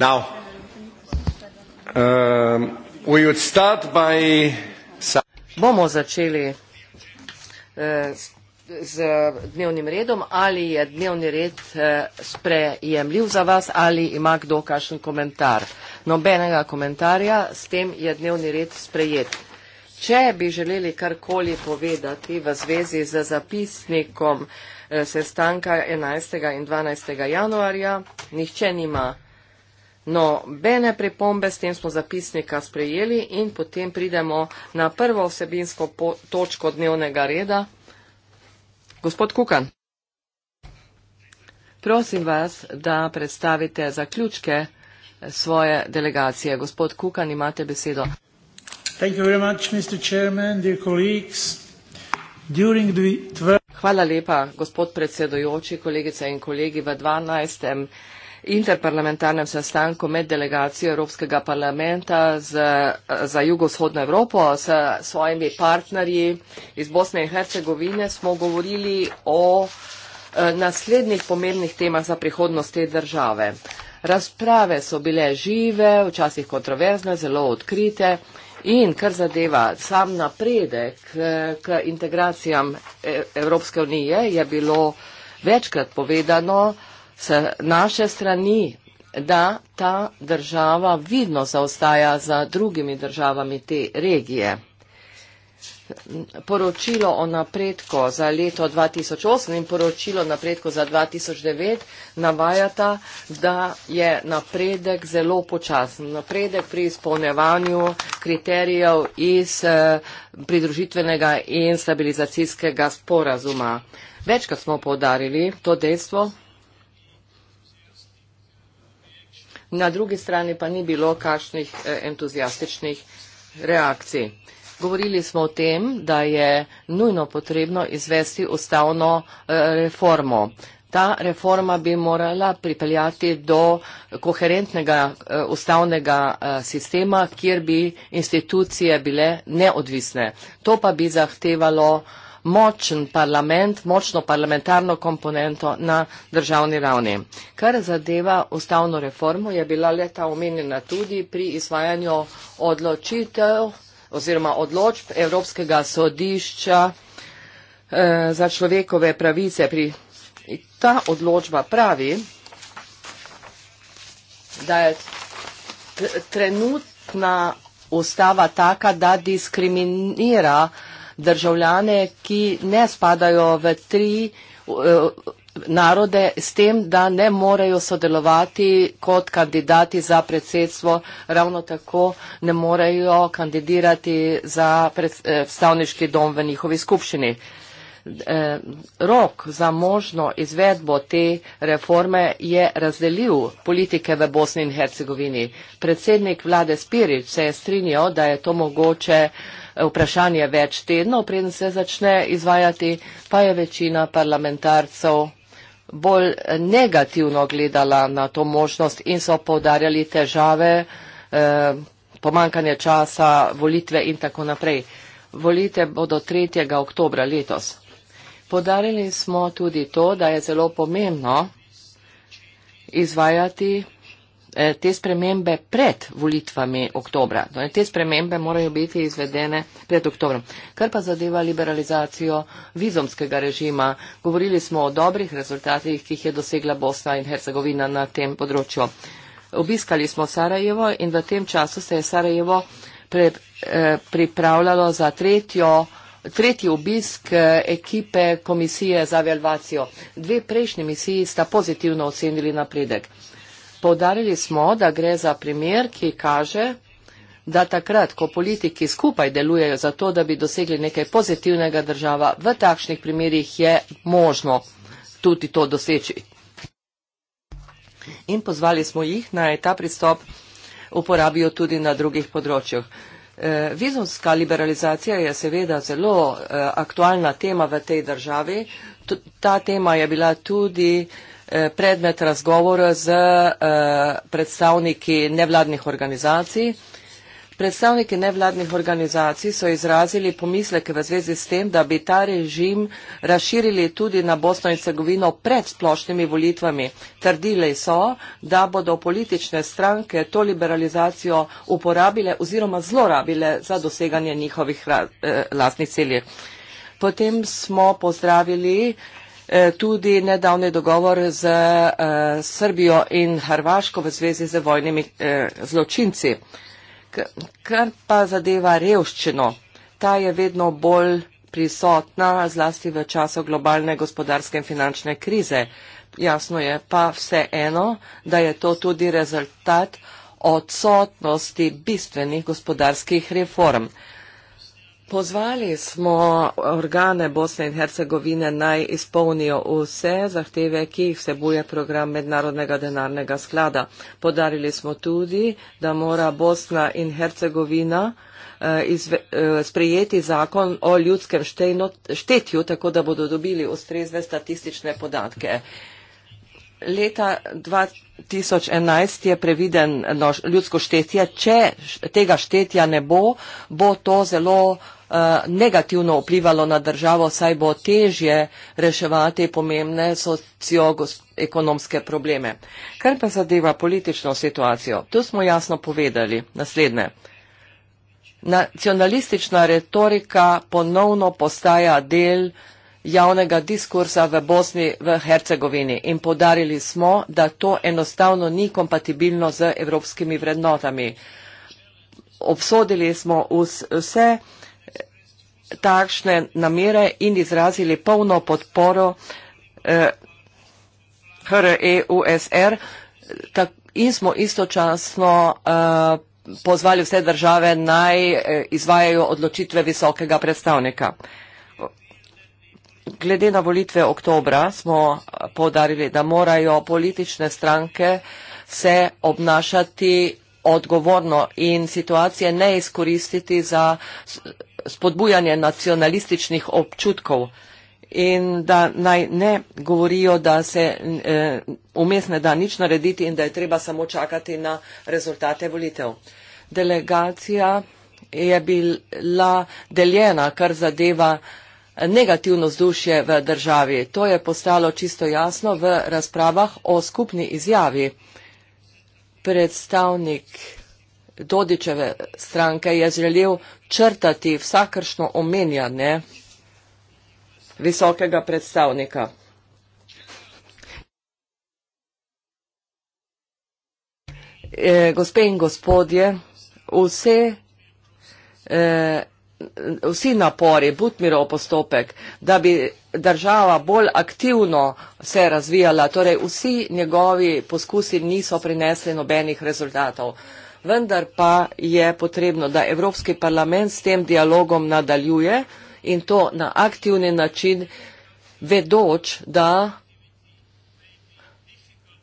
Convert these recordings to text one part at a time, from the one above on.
now um, we would start by bomo začeli uh, z dnevnim redom, ali je dnevni red eh, sprejemljiv za vas, ali ima kdo kakšen komentar. Nobenega komentarja, s tem je dnevni red sprejet. Če bi želeli karkoli povedati v zvezi z zapisnikom eh, sestanka 11. in 12. januarja, nihče nima No, bene pripombe s tem smo zapisnika sprejeli in potem pridemo na prvo vsebinsko točko dnevnega reda. Gospod Kukan. Prosim vas, da predstavite zaključke eh, svoje delegacije. Gospod Kukan, imate besedo. Hvala lepa, gospod predsedojoči, kolegice in kolegi, v 12 interparlamentarnem sestanku med delegacijo Evropskega parlamenta za, za jugovzhodno Evropo s svojimi partnerji iz Bosne in Hercegovine smo govorili o eh, naslednjih pomembnih temah za prihodnost te države. Razprave so bile žive, včasih kontroverzne, zelo odkrite in kar zadeva sam napredek eh, k integracijam eh, Evropske unije, je bilo večkrat povedano, s naše strani, da ta država vidno zaostaja za drugimi državami te regije. Poročilo o napredku za leto 2008 in poročilo o napredku za 2009 navajata, da je napredek zelo počasen. Napredek pri izpolnevanju kriterijev iz eh, pridružitvenega in stabilizacijskega sporazuma. Večkrat smo povdarili to dejstvo, na drugi strani pa ni bilo kakšnih eh, entuzijastičnih reakcij. Govorili smo o tem, da je nujno potrebno izvesti ustavno eh, reformo. Ta reforma bi morala pripeljati do koherentnega eh, ustavnega sistema, kjer bi institucije bile neodvisne. To pa bi zahtevalo močen parlament, močno parlamentarno komponento na državni ravni. Kar zadeva ustavno reformo, je bila leta omenjena tudi pri izvajanju odločitev oziroma odločb Evropskega sodišča eh, za človekove pravice. Pri, ta odločba pravi, da je trenutna ustava taka, da diskriminira eh, državljane, ki ne spadajo v tri eh, narode s tem, da ne morejo sodelovati kot kandidati za predsedstvo, ravno tako ne morejo kandidirati za eh, predstavniški dom v njihovi skupščini. Eh, rok za možno izvedbo te reforme je razdelil politike v Bosni in Hercegovini. Predsednik vlade Spirič se je strinjal, da je to mogoče vprašanje več tednov, preden se začne izvajati, pa je večina parlamentarcev bolj negativno gledala na to možnost in so povdarjali težave, eh, pomankanje časa, volitve in tako naprej. Volite bodo 3. oktobra letos. Podarili smo tudi to, da je zelo pomembno izvajati Eh, te spremembe pred volitvami oktobra. No, te spremembe morajo biti izvedene pred oktobrom. Kar pa zadeva liberalizacijo vizomskega režima, govorili smo o dobrih rezultatih, ki jih je dosegla Bosna in Hercegovina na tem področju. Obiskali smo Sarajevo in v tem času se je Sarajevo pre, eh, pripravljalo za tretjo, tretji obisk eh, ekipe komisije za evalvacijo. Dve prejšnji misiji sta pozitivno ocenili napredek. Povdarili smo, da gre za primer, ki kaže, da takrat, ko politiki skupaj delujejo za to, da bi dosegli nekaj pozitivnega država, v takšnih primerjih je možno tudi to doseči. In pozvali smo jih na ta pristop uporabijo tudi na drugih področjih. E, vizumska liberalizacija je seveda zelo e, aktualna tema v tej državi. T ta tema je bila tudi Eh, predmet razgovora z eh, predstavniki nevladnih organizacij. Predstavniki nevladnih organizacij so izrazili pomisleke v zvezi s tem, da bi ta režim razširili tudi na Bosno in Cegovino pred splošnimi volitvami. Trdili so, da bodo politične stranke to liberalizacijo uporabile oziroma zlorabile za doseganje njihovih eh, lastnih ciljev. Potem smo pozdravili E, tudi nedavni dogovor z e, Srbijo in Hrvaško v zvezi z vojnimi e, zločinci. Kar pa zadeva revščino, ta je vedno bolj prisotna zlasti v času globalne gospodarske in finančne krize. Jasno je pa vse eno, da je to tudi rezultat odsotnosti bistvenih gospodarskih reform. Pozvali smo organe Bosne in Hercegovine naj izpolnijo vse zahteve, ki jih vsebuje program Mednarodnega denarnega sklada. Podarili smo tudi, da mora Bosna in Hercegovina eh, eh, sprejeti zakon o ljudskem štetju, tako da bodo dobili ustrezne statistične podatke leta 2011 je prevideno ljudsko štetje. Če tega štetja ne bo, bo to zelo eh, negativno vplivalo na državo, saj bo težje reševati pomembne socioekonomske probleme. Kar pa zadeva politično situacijo, tu smo jasno povedali naslednje. Nacionalistična retorika ponovno postaja del javnega diskursa v Bosni v Hercegovini in podarili smo, da to enostavno ni kompatibilno z evropskimi vrednotami. Obsodili smo vse takšne namere in izrazili polno podporo HREUSR eh, e in smo istočasno eh, pozvali vse države naj eh, izvajajo odločitve visokega predstavnika. Glede na volitve oktobra smo eh, podarili, da morajo politične stranke se obnašati odgovorno in situacije ne izkoristiti za spodbujanje nacionalističnih občutkov in da naj ne govorijo, da se umestne eh, da nič narediti in da je treba samo čakati na rezultate volitev. Delegacija je bila deljena, kar zadeva vsega, negativno vzdušje v državi. To je postalo čisto jasno v razpravah o skupni izjavi. Predstavnik Dodičeve stranke je želel črtati vsakršno omenjanje visokega predstavnika. Eh, gospe in gospodje, vse eh, vsi napori, Butmirov postopek, da bi država bolj aktivno se razvijala, torej vsi njegovi poskusi niso prinesli nobenih rezultatov. Vendar pa je potrebno, da Evropski parlament s tem dialogom nadaljuje in to na aktivni način, vedoč, da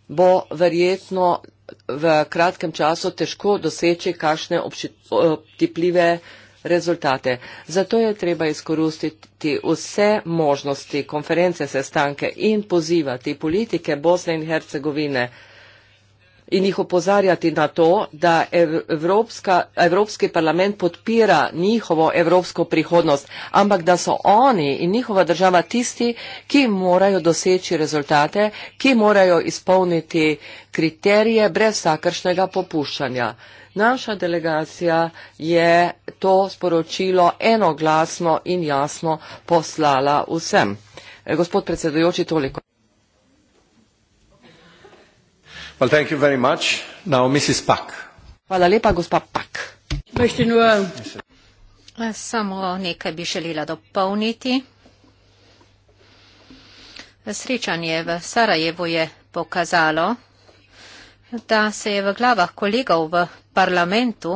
bo verjetno v kratkem času težko doseči kakšne občutljive uh, rezultate. Zato je treba izkoristiti vse možnosti konference, sestanke in pozivati politike Bosne in Hercegovine in jih opozarjati na to, da Evropska, Evropski parlament podpira njihovo evropsko prihodnost, ampak da so oni in njihova država tisti, ki morajo doseči rezultate, ki morajo izpolniti kriterije brez vsakršnega popuščanja. Naša delegacija je to sporočilo enoglasno in jasno poslala vsem. Eh, gospod predsedujoči, toliko. Well, thank you very much. Now, Mrs. Pak. Hvala lepa, gospa Pak. Eh, samo nekaj bi želela dopolniti. Srečanje v Sarajevu je pokazalo, da se je v glavah kolegov v parlamentu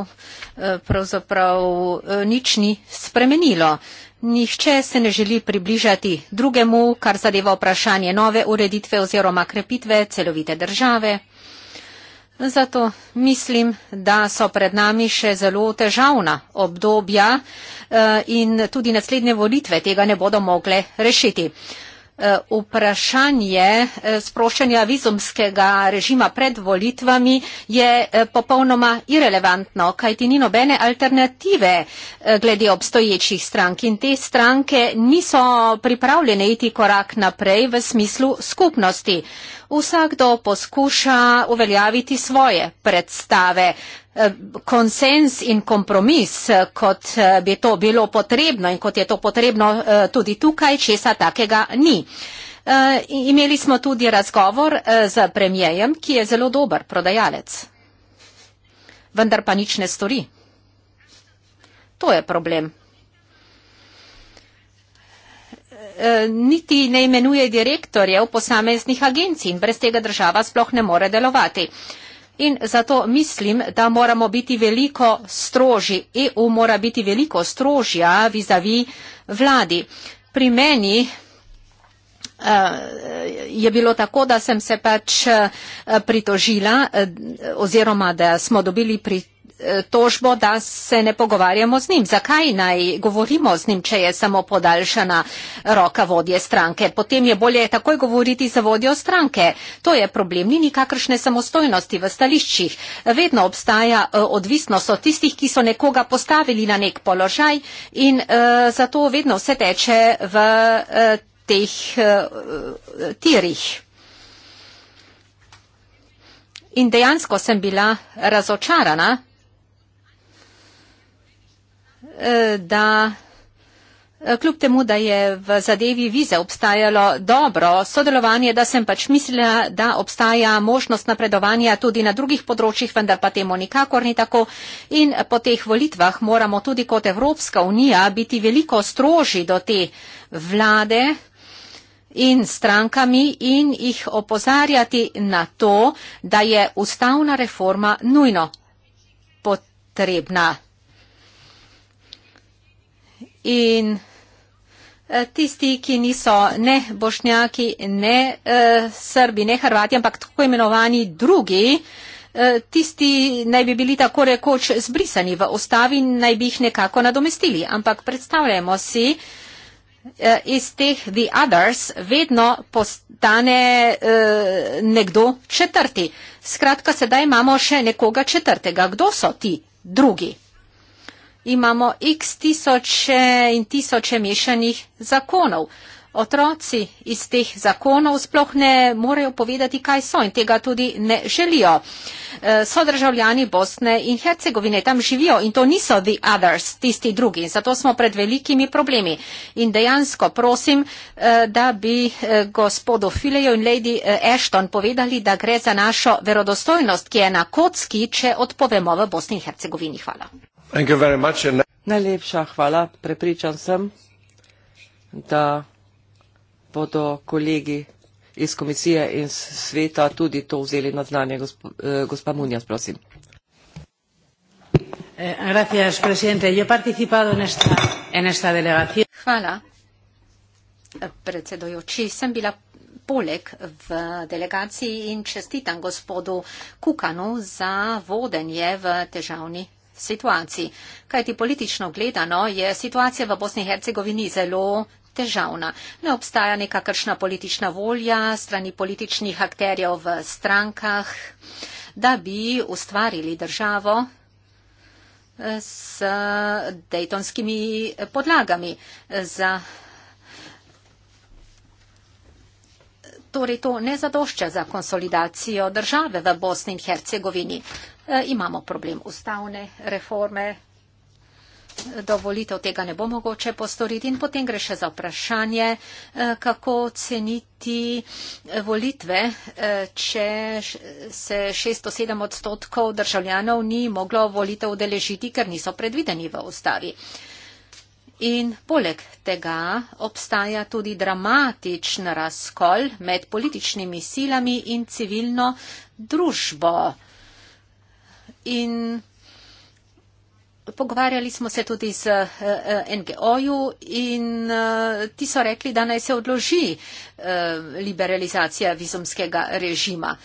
eh, pravzaprav eh, nič ni spremenilo. Nihče se ne želi približati drugemu, kar zadeva vprašanje nove ureditve oziroma krepitve celovite države. Zato mislim, da so pred nami še zelo težavna obdobja eh, in tudi naslednje volitve tega ne bodo mogle rešiti. Eh, vprašanje eh, sprošanja vizumskega režima pred volitvami je eh, popolnoma irrelevantno, kajti ni nobene alternative glede obstoječih strank in te stranke niso pripravljene iti korak naprej v smislu skupnosti vsakdo poskuša uveljaviti svoje predstave. Eh, konsens in kompromis, eh, kot eh, bi to bilo potrebno in kot je to potrebno tudi tukaj, česa takega ni. Imeli smo tudi razgovor z premijejem, ki je zelo dober prodajalec, vendar pa nič ne stori. To je problem. Eh, niti ne imenuje direktorjev posameznih agencij in brez tega država sploh ne more delovati. In zato mislim, da moramo biti veliko stroži. EU mora biti veliko strožja vizavi vladi. Pri meni eh, je bilo tako, da sem se pač eh, pritožila oziroma da smo dobili pritožbo tožbo, da se ne pogovarjamo z njim. Zakaj naj govorimo z njim, če je samo podaljšana roka vodje stranke? Potem je bolje takoj govoriti za vodjo stranke. To je problem, ni nikakršne samostojnosti v stališčih. Vedno obstaja e, odvisnost od tistih, ki so nekoga postavili na nek položaj in e, zato vedno vse teče v e, teh tirih. In dejansko sem bila razočarana, Eh, da eh, kljub temu, da je v zadevi vize obstajalo dobro sodelovanje, da sem pač mislila, da obstaja možnost napredovanja tudi na drugih področjih, vendar pa temu nikakor ni tako. In po teh volitvah moramo tudi kot Evropska unija biti veliko stroži do te vlade in strankami in jih opozarjati na to, da je ustavna reforma nujno potrebna in eh, tisti, ki niso ne bošnjaki, ne eh, srbi, ne hrvati, ampak tako imenovani drugi, eh, tisti naj bi bili tako rekoč zbrisani v ustavi in naj bi jih nekako nadomestili. Ampak predstavljamo si, eh, iz teh the others vedno postane eh, nekdo četrti. Skratka, sedaj imamo še nekoga četrtega. Kdo so ti drugi? imamo x tisoče in tisoče mešanih zakonov. Otroci iz teh zakonov sploh ne morejo povedati, kaj so in tega tudi ne želijo. E, so državljani Bosne in Hercegovine, tam živijo in to niso the others, tisti drugi. Zato smo pred velikimi problemi. In dejansko prosim, e, da bi e, gospodu Fileju in Lady Ashton povedali, da gre za našo verodostojnost, ki je na kocki, če odpovemo v Bosni in Hercegovini. Hvala. Najlepša hvala. Prepričan sem, da bodo kolegi iz komisije in sveta tudi to vzeli na znanje. Eh, gospa Munja, prosim. Eh, hvala. Predsedojoči, sem bila poleg v delegaciji in čestitam gospodu Kukanu za vodenje v težavni situaciji. Kajti politično gledano je situacija v Bosni in Hercegovini zelo težavna. Ne obstaja nekakršna politična volja strani političnih akterjev v strankah, da bi ustvarili državo eh, s dejtonskimi podlagami eh, za. Torej, to ne zadošča za konsolidacijo države v Bosni in Hercegovini. Eh, imamo problem ustavne reforme, dovolitev tega ne bo mogoče postoriti in potem gre še za vprašanje, eh, kako ceniti eh, volitve, če se 607 odstotkov državljanov ni moglo volitev udeležiti, ker niso predvideni v ustavi. In poleg tega obstaja tudi dramatičen razkol med političnimi silami in civilno družbo in pogovarjali smo se tudi z eh, NGO-ju in eh, ti so rekli, da naj se odloži eh, liberalizacija vizumskega režima.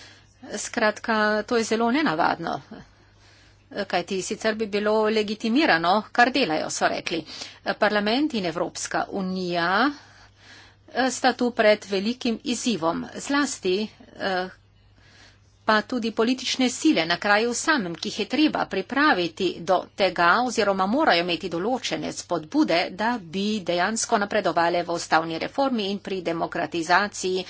Skratka, to je zelo nenavadno, kajti sicer bi bilo legitimirano, kar delajo, so rekli. Parlament in Evropska unija sta tu pred velikim izzivom, zlasti, pa tudi politične sile na kraju samem, ki jih je treba pripraviti do tega oziroma morajo imeti določene spodbude, da bi dejansko napredovali v ustavni reformi in pri demokratizaciji,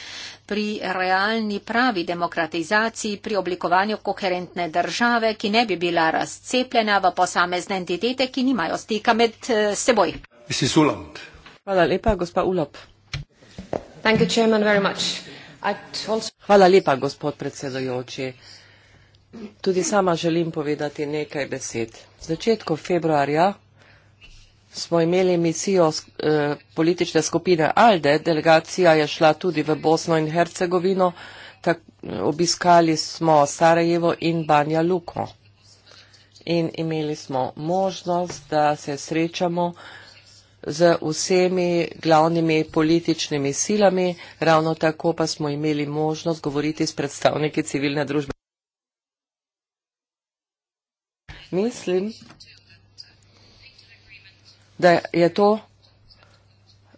pri realni pravi demokratizaciji, pri oblikovanju koherentne države, ki ne bi bila razcepljena v posamezne entitete, ki nimajo stika med eh, seboj. Hvala lepa, gospa Ulop. Thank you, Chairman, very much. I'd also... Hvala lepa, gospod predsedojoči. Tudi sama želim povedati nekaj besed. V začetku februarja smo imeli misijo eh, politične skupine ALDE, delegacija je šla tudi v Bosno in Hercegovino, tak, obiskali smo Sarajevo in Banja Luko. In imeli smo možnost, da se srečamo eh, z vsemi glavnimi političnimi silami, ravno tako pa smo imeli možnost govoriti s predstavniki civilne družbe. Mislim, da je to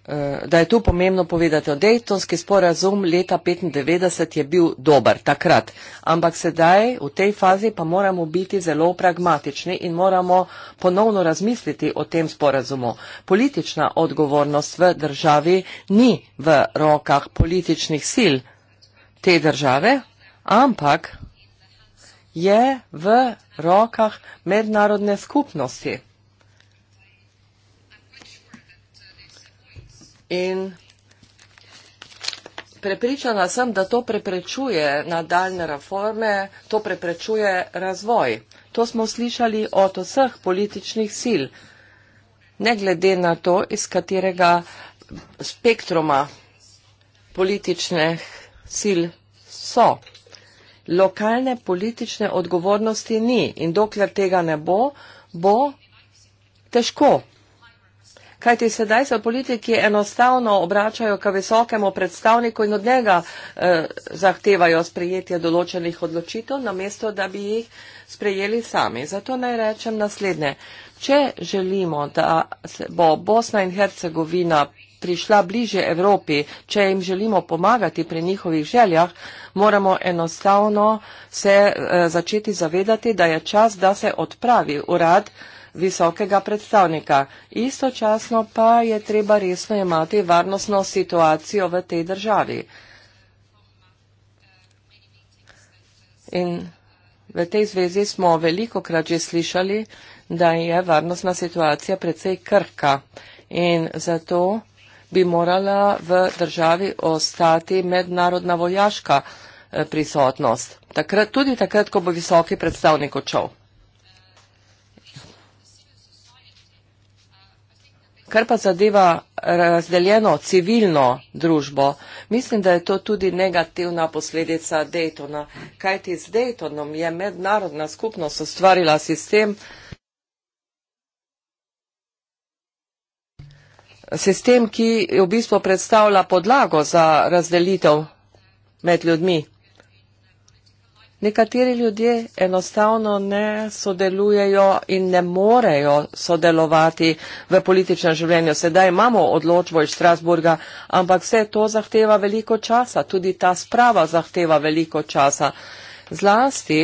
Eh, da je tu pomembno povedati, no, da Dejtonski sporazum leta 1995 je bil dober takrat, ampak sedaj v tej fazi pa moramo biti zelo pragmatični in moramo ponovno razmisliti o tem sporazumu. Politična odgovornost v državi ni v rokah političnih sil te države, ampak je v rokah mednarodne skupnosti. In prepričana sem, da to preprečuje nadaljne reforme, to preprečuje razvoj. To smo slišali od vseh političnih sil, ne glede na to, iz katerega spektruma političnih sil so. Lokalne politične odgovornosti ni in dokler tega ne bo, bo težko Kajti sedaj se politiki enostavno obračajo k visokemu predstavniku in od njega eh, zahtevajo sprejetje določenih odločitev, namesto da bi jih sprejeli sami. Zato naj rečem naslednje. Če želimo, da bo Bosna in Hercegovina prišla bliže Evropi, če jim želimo pomagati pri njihovih željah, moramo enostavno se eh, začeti zavedati, da je čas, da se odpravi urad visokega predstavnika. Istočasno pa je treba resno imati varnostno situacijo v tej državi. In v tej zvezi smo veliko krat že slišali, da je varnostna situacija precej krhka in zato bi morala v državi ostati mednarodna vojaška eh, prisotnost. Takrat, tudi takrat, ko bo visoki predstavnik odšel. Kar pa zadeva razdeljeno civilno družbo, mislim, da je to tudi negativna posledica Daytona, kajti z Daytonom je mednarodna skupnost ustvarila sistem, sistem, ki v bistvu predstavlja podlago za razdelitev med ljudmi. Nekateri ljudje enostavno ne sodelujejo in ne morejo sodelovati v političnem življenju. Sedaj imamo odločbo iz Strasburga, ampak vse to zahteva veliko časa, tudi ta sprava zahteva veliko časa. Zlasti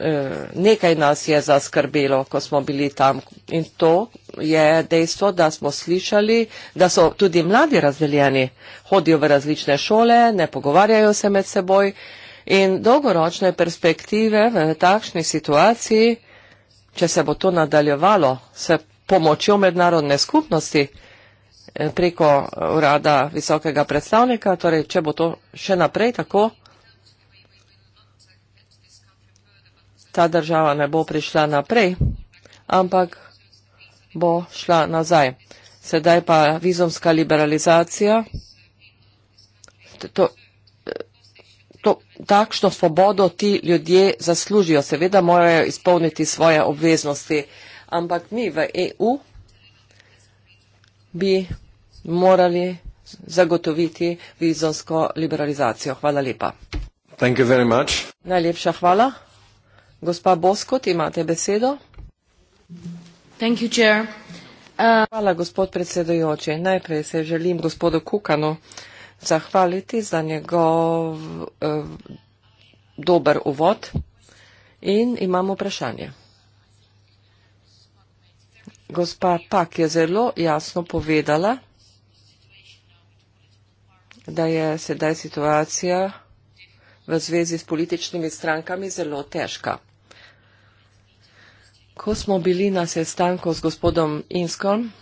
Eh, nekaj nas je zaskrbelo, ko smo bili tam. In to je dejstvo, da smo slišali, da so tudi mladi razdeljeni, hodijo v različne šole, ne pogovarjajo se med seboj. In dolgoročne perspektive v takšni situaciji, če se bo to nadaljevalo s pomočjo mednarodne skupnosti eh, preko urada visokega predstavnika, torej če bo to še naprej tako, ta država ne bo prišla naprej, ampak bo šla nazaj. Sedaj pa vizumska liberalizacija, to, to, takšno svobodo ti ljudje zaslužijo. Seveda morajo izpolniti svoje obveznosti, ampak mi v EU bi morali zagotoviti vizumsko liberalizacijo. Hvala lepa. Thank you very much. Najlepša hvala. Gospa Boskot, imate besedo. Thank you, chair. Uh, Hvala, gospod predsedojoči. Najprej se želim gospodu Kukanu zahvaliti za njegov eh, dober uvod in imamo vprašanje. Gospa Pak je zelo jasno povedala, da je sedaj situacija v zvezi s političnimi strankami zelo težka. Ko smo bili na sestanku z gospodom Inskom,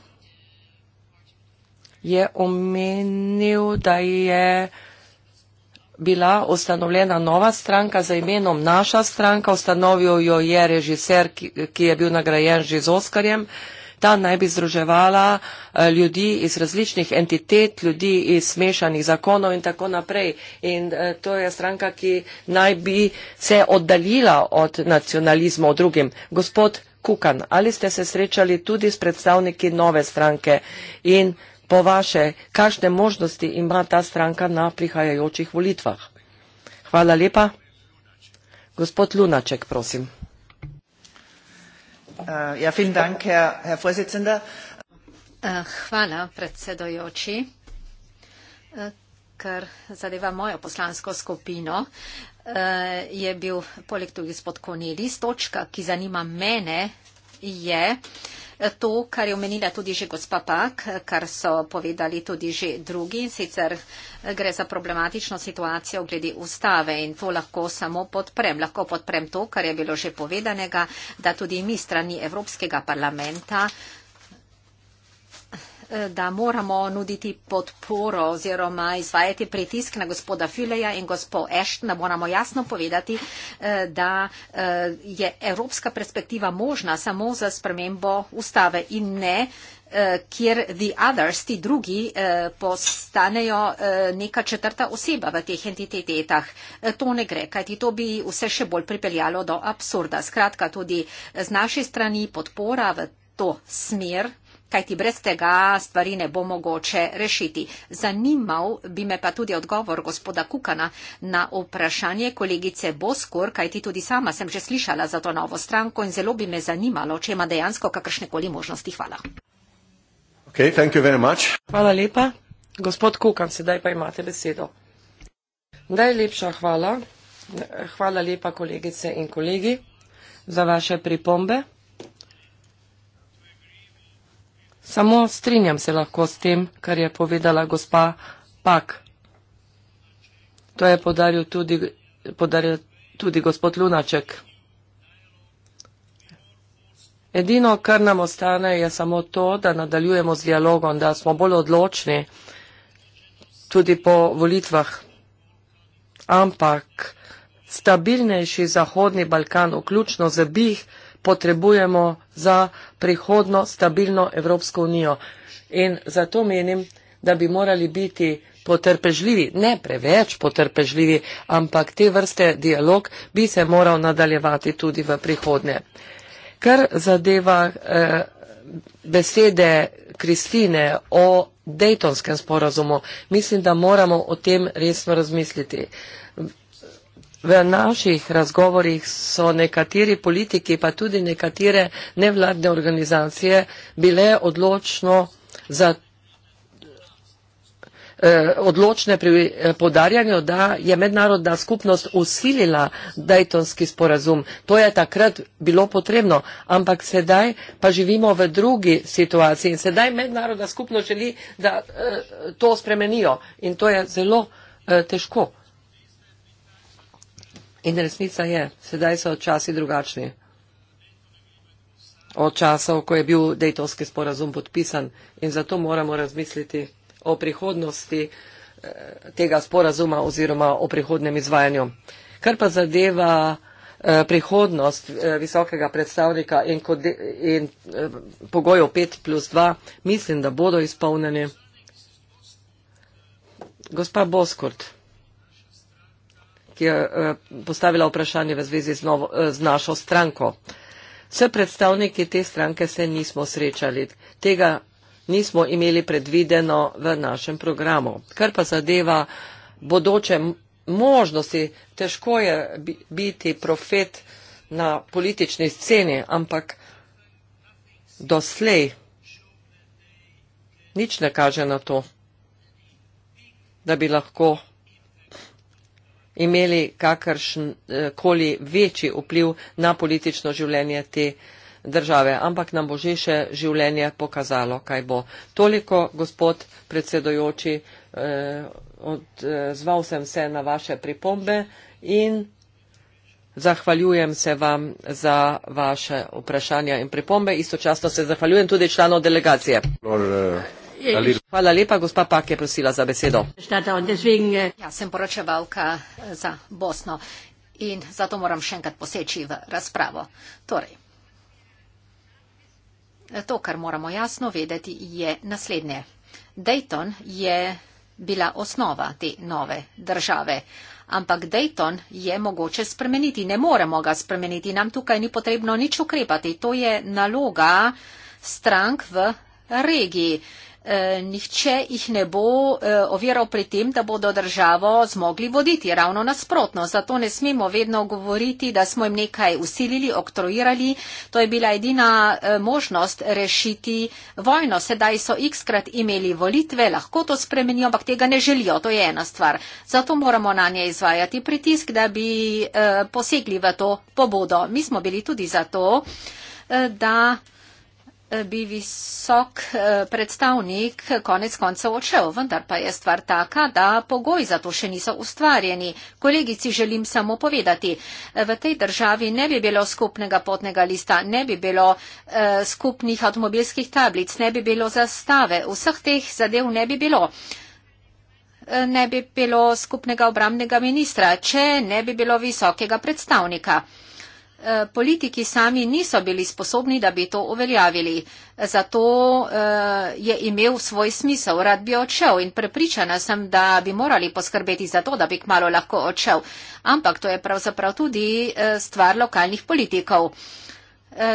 je omenil, da je bila ustanovljena nova stranka za imenom Naša stranka, ustanovil jo je režiser, ki, ki je bil nagrajen že z Oskarjem. Uh, Ta naj bi združevala eh, ljudi iz različnih entitet, ljudi iz smešanih zakonov in tako naprej. In eh, to je stranka, ki naj bi se oddaljila od nacionalizma v drugim. Gospod Kukan, ali ste se srečali tudi s predstavniki nove stranke in po vaše, kakšne možnosti ima ta stranka na prihajajočih volitvah? Hvala lepa. Gospod Lunaček, prosim. Äh, ja, vielen Dank, Herr, Herr Vorsitzender. Äh, hvala, predsedojoči. Äh, Kar zadeva mojo poslansko skupino, je bil poleg tudi gospod Konelis. Točka, ki zanima mene, je, To, kar je omenila tudi že gospa Pak, kar so povedali tudi že drugi, sicer gre za problematično situacijo glede ustave in to lahko samo podprem. Lahko podprem to, kar je bilo že povedanega, da tudi mi strani Evropskega parlamenta Eh, da moramo nuditi podporo oziroma izvajati pritisk na gospoda Fileja in gospod Ešt, da moramo jasno povedati, eh, da eh, je evropska perspektiva možna samo za spremembo ustave in ne kjer the others, ti drugi, postanejo neka četrta oseba v teh entitetetah. To ne gre, kajti to bi vse še bolj pripeljalo do absurda. Skratka, tudi z naše strani podpora v to smer kajti brez tega stvari ne bo mogoče rešiti. Zanimal bi me pa tudi odgovor gospoda Kukana na vprašanje kolegice Boskor, kajti tudi sama sem že slišala za to novo stranko in zelo bi me zanimalo, če ima dejansko kakršne koli možnosti. Hvala. Okay, hvala lepa. Gospod Kukan, sedaj pa imate besedo. Najlepša hvala. Hvala lepa kolegice in kolegi za vaše pripombe. Samo strinjam se lahko s tem, kar je povedala gospa Pak. To je podaril tudi, podaril tudi gospod Lunaček. Edino, kar nam ostane, je samo to, da nadaljujemo z dialogom, da smo bolj odločni tudi po volitvah. Ampak stabilnejši Zahodni Balkan, vključno z BIH, potrebujemo za prihodno stabilno Evropsko unijo. In zato menim, da bi morali biti potrpežljivi, ne preveč potrpežljivi, ampak te vrste dialog bi se moral nadaljevati tudi v prihodnje. Kar zadeva eh, besede Kristine o Dejtonskem sporazumu, mislim, da moramo o tem resno razmisliti. Eh, V naših razgovorjih so nekateri politiki, pa tudi nekatere nevladne organizacije, bile odločno za, eh, odločne pri eh, podarjanju, da je mednarodna skupnost usilila Dejtonski sporazum. To je takrat bilo potrebno, ampak sedaj pa živimo v drugi situaciji in sedaj mednarodna skupnost želi, da eh, to spremenijo in to je zelo eh, težko. In resnica je, sedaj so časi drugačni od časov, ko je bil dejtovski sporazum podpisan in zato moramo razmisliti o prihodnosti eh, tega sporazuma oziroma o prihodnem izvajanju. Kar pa zadeva eh, prihodnost eh, visokega predstavnika in, de, in pogojev 5 plus 2, mislim, da bodo izpolnjeni. Gospa Boskurt ki je eh, postavila vprašanje v zvezi z, novo, eh, z našo stranko. Vse predstavniki te stranke se nismo srečali, tega nismo imeli predvideno v našem programu. Kar pa zadeva bodoče možnosti, težko je biti profet na politični sceni, ampak doslej nič ne kaže na to, da bi lahko imeli kakršen koli večji vpliv na politično življenje te države, ampak nam bo že še življenje pokazalo, kaj bo. Toliko, gospod predsedojoči, eh, odzval sem se na vaše pripombe in zahvaljujem se vam za vaše vprašanja in pripombe. Istočasno se zahvaljujem tudi članov delegacije. Lore. Eh, Hvala lepa, gospa Pak je prosila za besedo. Eh. Ja, sem poročevalka eh, za Bosno in zato moram še enkrat poseči v razpravo. Torej, eh, to, kar moramo jasno vedeti, je naslednje. Dayton je bila osnova te nove države. Ampak Dayton je mogoče spremeniti, ne moremo ga spremeniti, nam tukaj ni potrebno nič ukrepati. To je naloga strank v regiji. Eh, nihče jih ne bo eh, oviral pri tem, da bodo državo zmogli voditi. Ravno nasprotno, zato ne smemo vedno govoriti, da smo jim nekaj usilili, oktrojirali. To je bila edina eh, možnost rešiti vojno. Sedaj so x-krat imeli volitve, lahko to spremenijo, ampak tega ne želijo. To je ena stvar. Zato moramo na nje izvajati pritisk, da bi posegli v to pobudo. Mi smo bili tudi za to, da. Eh, bi visok eh, predstavnik konec koncev odšel, vendar pa je stvar taka, da pogoji za to še niso ustvarjeni. Kolegici želim samo povedati, eh, v tej državi ne bi bilo skupnega potnega lista, ne bi bilo skupnih avtomobilskih tablic, ne bi bilo zastave, vseh teh zadev ne bi bilo ne bi bilo skupnega obramnega ministra, če ne bi bilo visokega predstavnika. Eh, politiki sami niso bili sposobni, da bi to uveljavili. Zato eh, je imel svoj smisel, rad bi odšel in prepričana sem, da bi morali poskrbeti za to, da bi kmalo lahko odšel. Ampak to je pravzaprav tudi eh, stvar lokalnih politikov.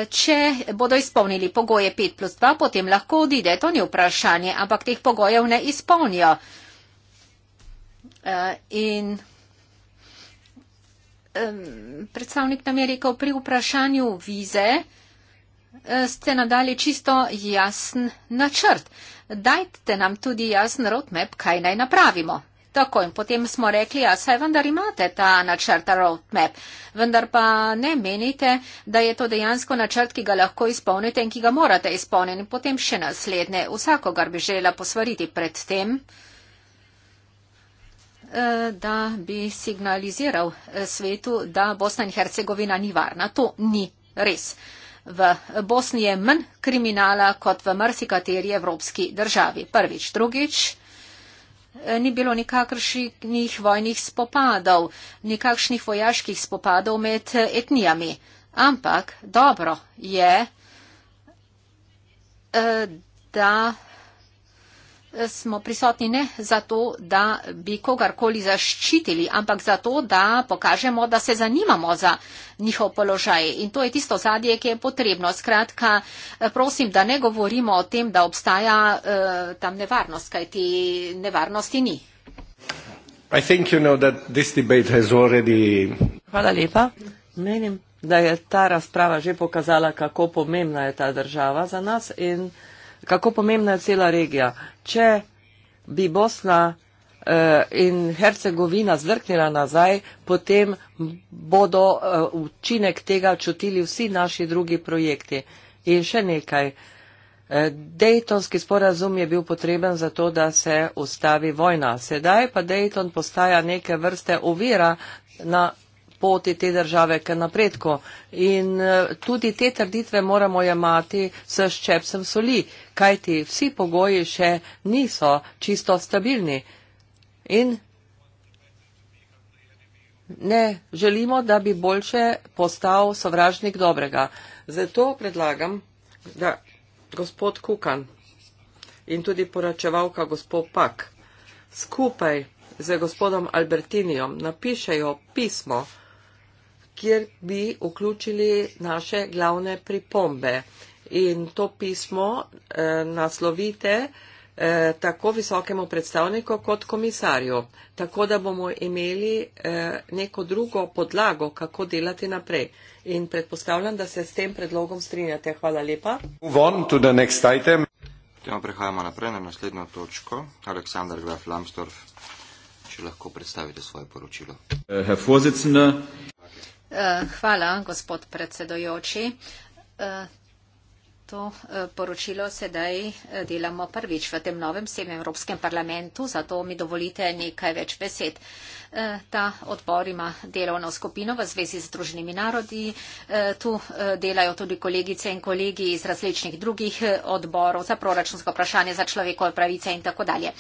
Če bodo izpolnili pogoje 5 plus 2, potem lahko odide, to ni vprašanje, ampak teh pogojev ne izpolnijo. In predstavnik nam je rekel, pri vprašanju vize e, ste nadali čisto jasen načrt. Dajte nam tudi jasen roadmap, kaj naj napravimo. Tako in potem smo rekli, a saj vendar imate ta načrt, ta roadmap, vendar pa ne menite, da je to dejansko načrt, ki ga lahko izpolnite in ki ga morate izpolniti. Potem še naslednje, vsakogar bi želela posvariti pred tem. Eh, da bi signaliziral eh, svetu, da Bosna in Hercegovina ni varna. To ni res. V Bosni je manj kriminala kot v marsikateri evropski državi. Prvič, drugič, eh, ni bilo nikakršnih vojnih spopadov, nikakšnih vojaških spopadov med etnijami. Ampak dobro je, da smo prisotni ne zato, da bi kogarkoli zaščitili, ampak zato, da pokažemo, da se zanimamo za njihov položaj. In to je tisto zadje, ki je potrebno. Skratka, prosim, da ne govorimo o tem, da obstaja uh, tam nevarnost, kaj ti nevarnosti ni. You know already... Hvala lepa. Menim, da je ta razprava že pokazala, kako pomembna je ta država za nas. In kako pomembna je cela regija. Če bi Bosna eh, in Hercegovina zvrknila nazaj, potem bodo eh, učinek tega čutili vsi naši drugi projekti. In še nekaj. Eh, Dejtonski sporazum je bil potreben za to, da se ustavi vojna. Sedaj pa Dejton postaja neke vrste ovira na poti te države k napredku. In eh, tudi te trditve moramo jemati s ščepcem soli, kajti vsi pogoji še niso čisto stabilni. In ne želimo, da bi boljše postal sovražnik dobrega. Zato predlagam, da gospod Kukan in tudi poračevalka gospod Pak skupaj z gospodom Albertinijom napišejo pismo, kjer bi vključili naše glavne pripombe. In to pismo eh, naslovite eh, tako visokemu predstavniku kot komisarju, tako da bomo imeli eh, neko drugo podlago, kako delati naprej. In predpostavljam, da se s tem predlogom strinjate. Hvala lepa. Potem prehajamo naprej na naslednjo točko. Aleksandar Graf Lambsdorff, če lahko predstavite svoje poročilo. Eh, hvala, gospod predsedojoči. Eh, to eh, poročilo sedaj delamo prvič v tem novem sem Evropskem parlamentu, zato mi dovolite nekaj več besed. Ta odbor ima delovno skupino v zvezi z druženimi narodi. Tu delajo tudi kolegice in kolegi iz različnih drugih odborov za proračunsko vprašanje, za človekove pravice in tako dalje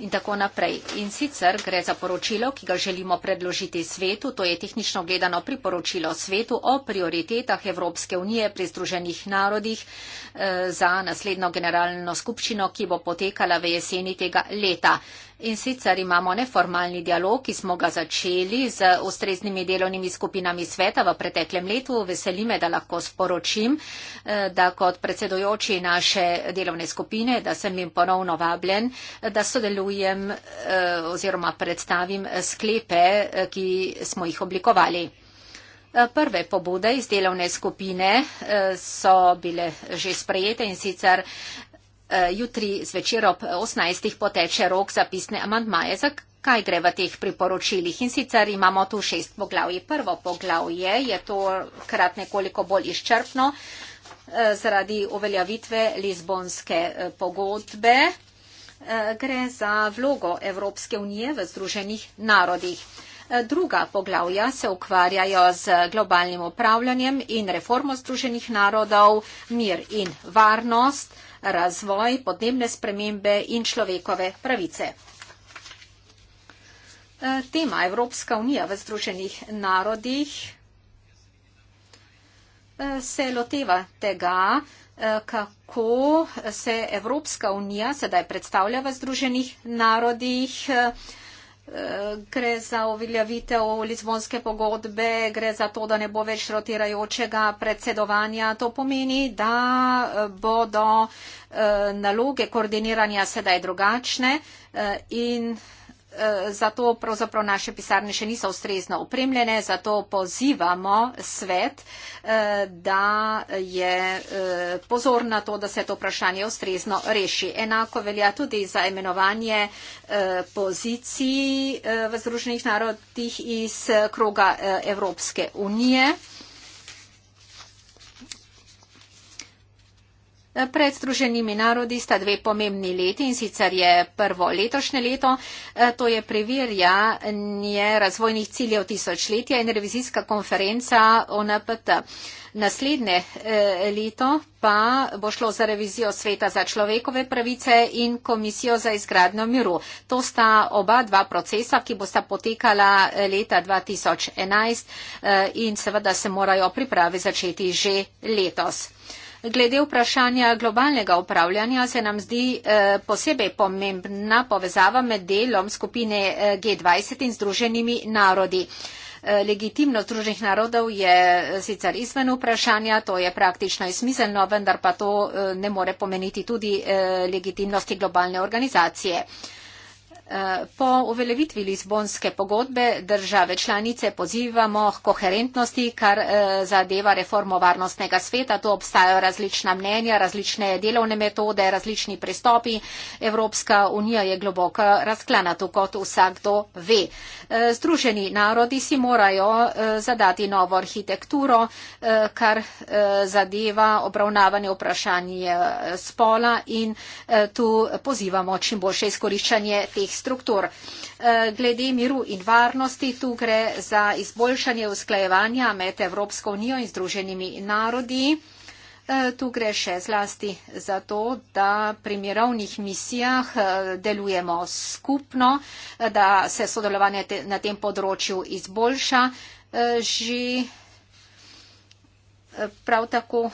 in tako naprej. In sicer gre za poročilo, ki ga želimo predložiti svetu, to je tehnično gledano priporočilo svetu o prioritetah Evropske unije pri Združenih narodih eh, za naslednjo generalno skupščino, ki bo potekala v jeseni tega leta. In sicer imamo neformalni dialog, ki smo ga začeli z ustreznimi delovnimi skupinami sveta v preteklem letu. Veseli me, da lahko sporočim, eh, da kot predsedojoči naše delovne skupine, da sem jim ponovno vabljen, da sodelujem eh, oziroma predstavim sklepe, eh, ki smo jih oblikovali. Prve pobude iz delovne skupine so bile že sprejete in sicer Eh, jutri zvečer ob 18. poteče rok za pisne amantmaje. Kaj gre v teh priporočilih? In sicer imamo tu šest poglavij. Prvo poglavje je to krat nekoliko bolj izčrpno eh, zaradi uveljavitve Lizbonske eh, pogodbe. Gre za vlogo Evropske unije v Združenih narodih. Druga poglavja se ukvarjajo z globalnim upravljanjem in reformo Združenih narodov, mir in varnost razvoj, podnebne spremembe in človekove pravice. E, tema Evropska unija v Združenih narodih e, se loteva tega, e, kako se Evropska unija sedaj predstavlja v Združenih narodih, gre za uveljavitev Lizbonske pogodbe, gre za to, da ne bo več rotirajočega predsedovanja. To pomeni, da eh, bodo eh, naloge koordiniranja sedaj drugačne eh, in Eh, zato pravzaprav naše pisarne še niso ustrezno opremljene, zato pozivamo svet, eh, da je eh, pozor na to, da se to vprašanje ustrezno reši. Enako velja tudi za imenovanje pozicij v Združenih narodih iz kroga Evropske unije. Pred Združenimi narodi sta dve pomembni leti in sicer je prvo letošnje leto, eh, to je preverjanje razvojnih ciljev tisočletja in revizijska konferenca ONPT. Naslednje eh, leto pa bo šlo za revizijo sveta za človekove pravice in komisijo za izgradno miru. To sta oba dva procesa, ki bosta potekala eh, leta 2011 in seveda se morajo priprave začeti že letos. Glede vprašanja globalnega upravljanja se nam zdi eh, posebej pomembna povezava med delom skupine eh, G20 in Združenimi narodi. Eh, legitimnost družnih narodov je sicer izven vprašanja, to je praktično izmiselno, vendar pa to ne more pomeniti tudi legitimnosti globalne organizacije. Po uveljavitvi Lizbonske pogodbe države članice pozivamo k koherentnosti, kar eh, zadeva reformo varnostnega sveta. Tu obstajajo različna mnenja, različne delovne metode, različni pristopi. Evropska unija je globoko razklana, tu kot vsakdo ve. Eh, Združeni narodi si morajo eh, zadati novo arhitekturo, kar zadeva obravnavanje vprašanje spola in tu pozivamo čim boljše izkoriščanje teh struktur. E, glede miru in varnosti, tu gre za izboljšanje usklajevanja med Evropsko unijo in Združenimi narodi. E, tu gre še zlasti za to, da pri mirovnih misijah e, delujemo skupno, da se sodelovanje na tem področju izboljša. Že prav tako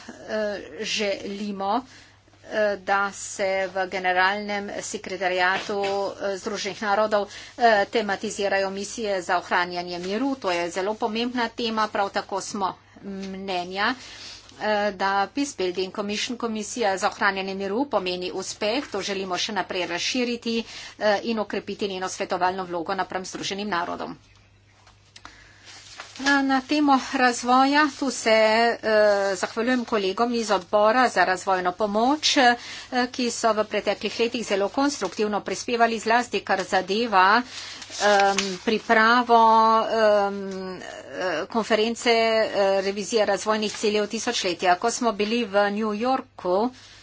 želimo, da se v generalnem sekretarijatu eh, Združenih narodov eh, tematizirajo misije za ohranjanje miru. To je zelo pomembna tema, prav tako smo mnenja eh, da Peacebuilding Commission komisija za ohranjanje miru pomeni uspeh, to želimo še naprej razširiti in okrepiti njeno svetovalno vlogo naprem Združenim narodom. Na temo razvoja tu se eh, zahvaljujem kolegom iz odbora za razvojno pomoč, eh, ki so v preteklih letih zelo konstruktivno prispevali zlasti, kar zadeva eh, pripravo eh, konference eh, revizije razvojnih ciljev tisočletja. Ko smo bili v New Yorku, eh,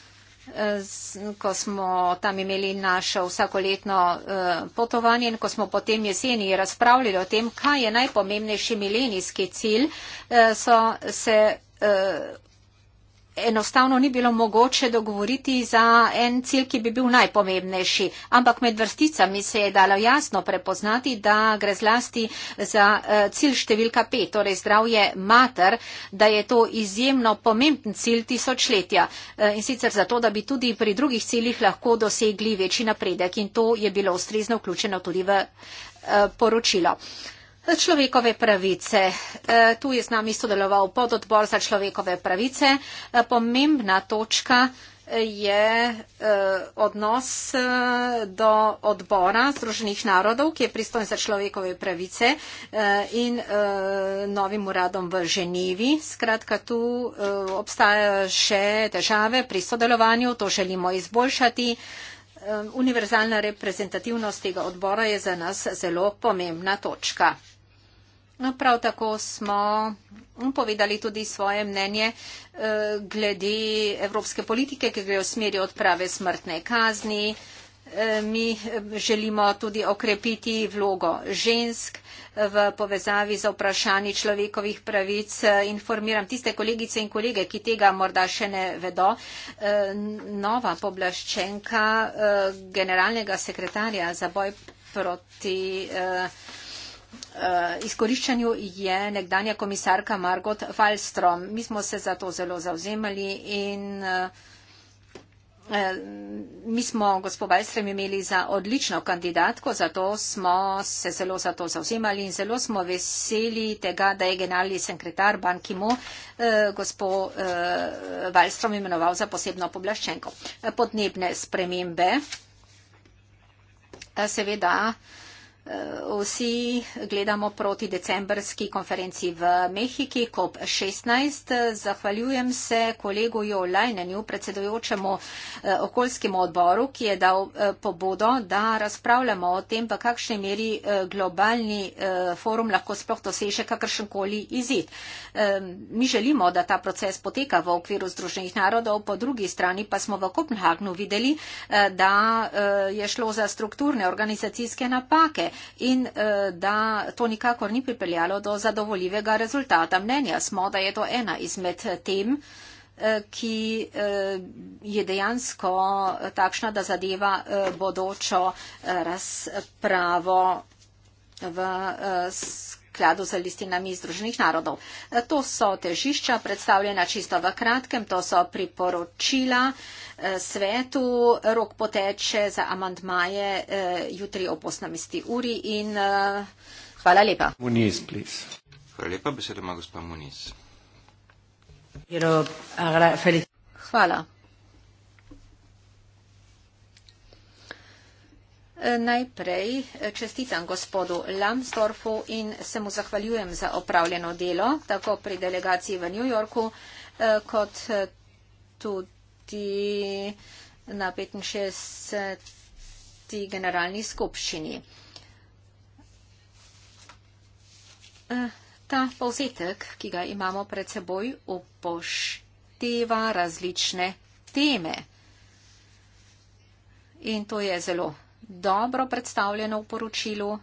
ko smo tam imeli naše vsakoletno eh, potovanje in ko smo potem jeseni razpravljali o tem, kaj je najpomembnejši milenijski cilj, eh, so se eh, enostavno ni bilo mogoče dogovoriti za en cilj, ki bi bil najpomembnejši. Ampak med vrsticami se je dalo jasno prepoznati, da gre zlasti za eh, cilj številka pet, torej zdravje mater, da je to izjemno pomemben cilj tisočletja. Eh, in sicer zato, da bi tudi pri drugih ciljih lahko dosegli večji napredek. In to je bilo ustrezno vključeno tudi v eh, poročilo človekove pravice. E, tu je z nami sodeloval pododbor za človekove pravice. E, pomembna točka je e, odnos do odbora Združenih narodov, ki je pristojen za človekove pravice in novim uradom v Ženevi. Skratka, tu obstajajo še težave pri sodelovanju, to želimo izboljšati. Univerzalna reprezentativnost tega odbora je za nas zelo pomembna točka. No, prav tako smo povedali tudi svoje mnenje eh, glede evropske politike, ki gre v smeri odprave smrtne kazni. Eh, mi želimo tudi okrepiti vlogo žensk v povezavi z vprašanji človekovih pravic. Informiram tiste kolegice in kolege, ki tega morda še ne vedo. Eh, nova poblaščenka generalnega sekretarja za boj proti Eh, izkoriščanju je nekdanja komisarka Margot Wallstrom. Mi smo se za to zelo zauzemali in eh, eh, mi smo gospod Wallstrom imeli za odlično kandidatko, zato smo se zelo za to zauzemali in zelo smo veseli tega, da je generalni sekretar Bankimo gospod Wallstrom imenoval za posebno poblaščenko. Podnebne spremembe. Seveda, Eh, vsi gledamo proti decembrski konferenci v Mehiki, COP16. Zahvaljujem se kolegu Jo Lajnenju, predsedujočemu eh, okoljskemu odboru, ki je dal eh, pobudo, da razpravljamo o tem, v kakšni meri globalni forum lahko sploh doseže kakršenkoli izid. Mi želimo, da ta proces poteka v okviru Združenih narodov, po drugi strani pa smo v Kopenhagnu videli, da je šlo za strukturne organizacijske napake in eh, da to nikakor ni pripeljalo do zadovoljivega rezultata. Mnenja smo, da je to ena izmed tem, eh, ki eh, je dejansko takšna, da zadeva bodočo razpravo v skladu z listinami Združenih narodov. E, to so težišča, predstavljena čisto v kratkem, to so priporočila e, svetu, rok poteče za amantmaje e, jutri ob 18. uri in hvala lepa. Muniz, hvala lepa, besedo ima gospa Muniz. Hvala. Najprej eh, čestitam gospodu Lambsdorfu in se mu zahvaljujem za opravljeno delo, tako pri delegaciji v New Yorku, eh, kot eh, tudi na 65. generalni skupščini. Ta povzetek, ki ga imamo pred seboj, upošteva različne teme. In to je zelo dobro predstavljeno v poročilu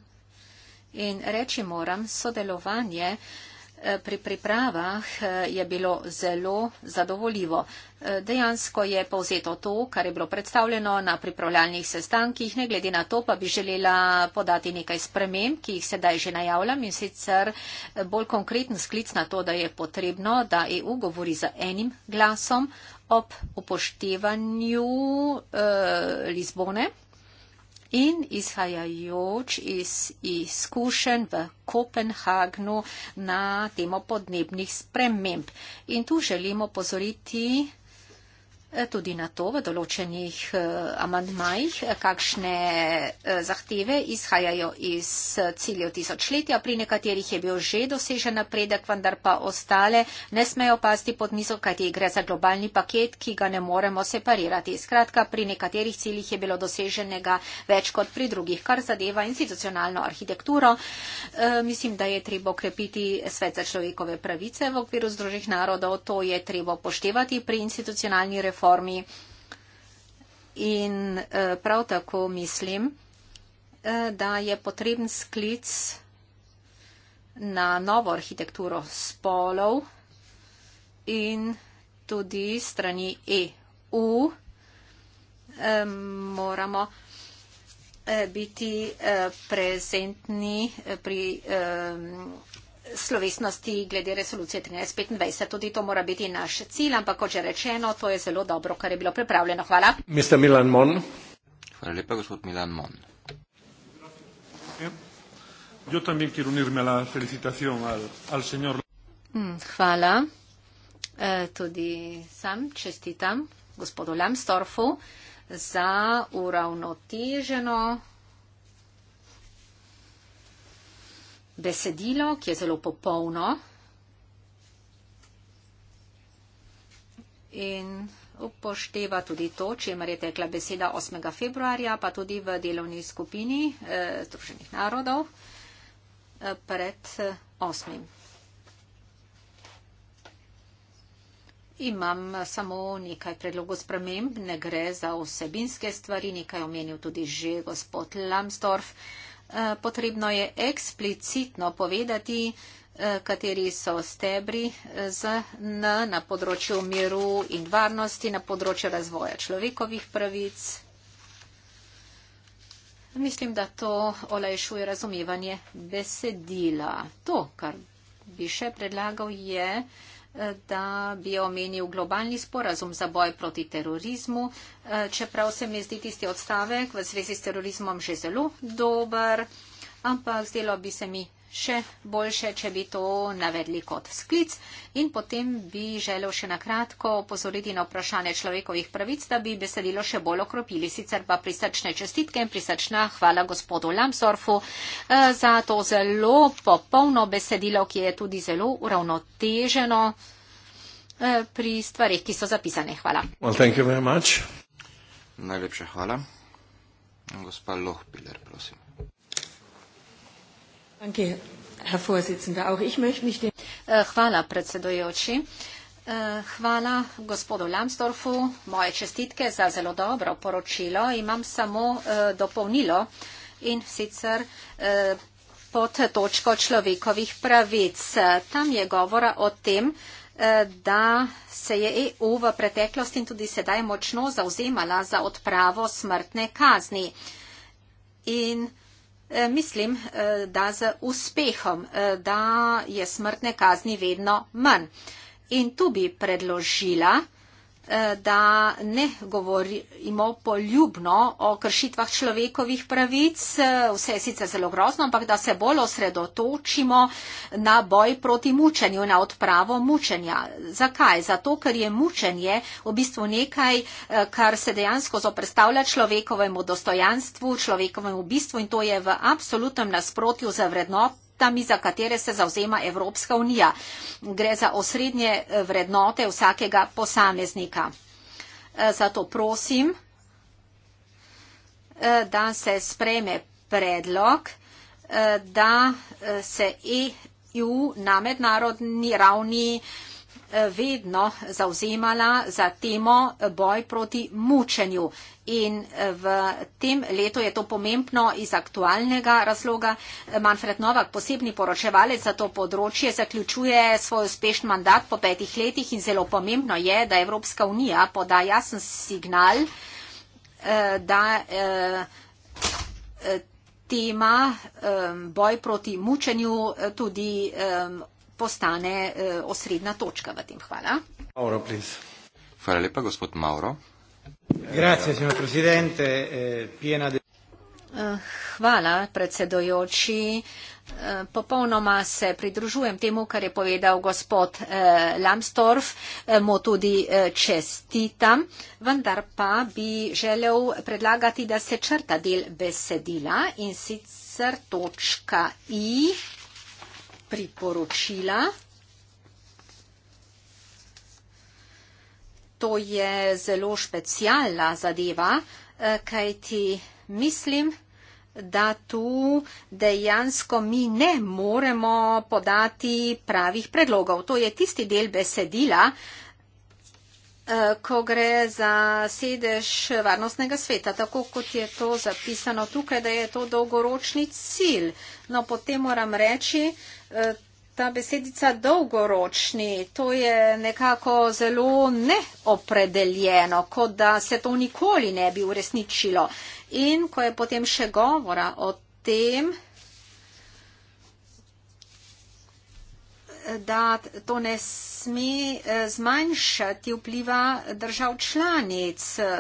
in reči moram, sodelovanje eh, pri pripravah eh, je bilo zelo zadovoljivo. Eh, dejansko je povzeto to, kar je bilo predstavljeno na pripravljalnih sestankih, ne glede na to pa bi želela podati nekaj sprememb, ki jih sedaj že najavljam in sicer bolj konkreten sklic na to, da je potrebno, da EU govori z enim glasom ob upoštevanju eh, Lizbone in izhajajoč iz izkušenj v Kopenhagnu na temo podnebnih sprememb. In tu želimo pozoriti Eh, tudi na to v določenih eh, amandmajih, eh, kakšne zahteve izhajajo iz ciljev tisočletja. Pri nekaterih je bil že dosežen napredek, vendar pa ostale ne smejo pasti pod mizo, kajti gre za globalni paket, ki ga ne moremo separirati. Skratka, pri nekaterih ciljih je bilo doseženega več kot pri drugih, kar zadeva institucionalno arhitekturo. Mislim, da je treba okrepiti svet za človekove pravice v okviru Združenih narodov. To je treba poštevati pri institucionalni reformi platformi. In eh, prav tako mislim, eh, da je potreben sklic na novo arhitekturo spolov in tudi strani EU moramo eh, biti prezentni pri slovesnosti glede resolucije 1325. Tudi to mora biti naš cilj, ampak kot že rečeno, to je zelo dobro, kar je bilo pripravljeno. Hvala. Hvala lepa, gospod Milan Mon. Mm, hvala. E, tudi sam čestitam gospodu Lamstorfu za uravnoteženo besedilo, ki je zelo popolno. In upošteva tudi to, če je rekla beseda 8. februarja, pa tudi v delovni skupini eh, Združenih eh, narodov eh, pred 8. Eh, Imam eh, samo nekaj predlogov sprememb, ne gre za osebinske stvari, nekaj omenil tudi že gospod Lamsdorf. Eh, Eh, potrebno je eksplicitno povedati, eh, kateri so stebri eh, ZN na področju miru in varnosti, na področju razvoja človekovih pravic. Mislim, da to olajšuje razumevanje besedila. To, kar bi še predlagal, je, da da bi omenil globalni sporazum za boj proti terorizmu, e, čeprav se mi zdi tisti odstavek v zvezi s terorizmom že zelo dober, ampak zdelo bi se mi še boljše, če bi to navedli kot sklic. In potem bi želel še nakratko pozoriti na vprašanje človekovih pravic, da bi besedilo še bolj okropili. Sicer pa prisrčne čestitke in prisrčna hvala gospodu Lamsorfu eh, za to zelo popolno besedilo, ki je tudi zelo uravnoteženo eh, pri stvarih, ki so zapisane. Hvala. Well, thank you very much. Najlepša hvala. Gospa Lohpiler, prosim. Eh, hvala, predsedojoči. Eh, hvala gospodu Lambsdorfu. Moje čestitke za zelo dobro poročilo. Imam samo eh, dopolnilo in sicer pod točko človekovih pravic. Tam je govora o tem, da se je EU v preteklosti in tudi sedaj močno zauzemala za odpravo smrtne kazni. In Eh, mislim, eh, da z uspehom, eh, da je smrtne kazni vedno manj. In tu bi predložila, Eh, da ne govorimo poljubno o kršitvah človekovih pravic, eh, vse je sicer zelo grozno, ampak da se bolj osredotočimo na boj proti mučenju, na odpravo mučenja. Zakaj? Zato, ker je mučenje v bistvu nekaj, eh, kar se dejansko zoprestavlja človekovemu dostojanstvu, človekovemu bistvu in to je v absolutnem nasprotju za vrednot vrednotami, za katere se zauzema Evropska unija. Gre za osrednje eh, vrednote vsakega posameznika. Eh, zato prosim, eh, da se spreme predlog, da se EU na mednarodni ravni vedno zauzemala za temo boj proti mučenju in eh, v tem letu je to pomembno iz aktualnega razloga. Manfred Novak, posebni poročevalec za to področje, zaključuje svoj uspešen mandat po petih letih in zelo pomembno je, da Evropska unija poda jasen signal, eh, da eh, tema boj proti mučenju tudi postane osredna točka v tem. Hvala. Hvala lepa, gospod Mauro. Grazie, signor Presidente. Eh, piena de... Eh, hvala, predsedojoči. Eh, popolnoma se pridružujem temu, kar je povedal gospod Lamstorf, mu tudi čestitam, vendar pa bi želel predlagati, da se črta del besedila in sicer točka i priporočila. to je zelo specialna zadeva, eh, kaj ti mislim, da tu dejansko mi ne moremo podati pravih predlogov. To je tisti del besedila, eh, ko gre za sedež varnostnega sveta, tako kot je to zapisano tukaj, da je to dolgoročni cilj. No, potem moram reči, eh, ta besedica dolgoročni, to je nekako zelo neopredeljeno, kot da se to nikoli ne bi uresničilo. In ko je potem še govora o tem, da to ne sme eh, zmanjšati vpliva držav članic, eh,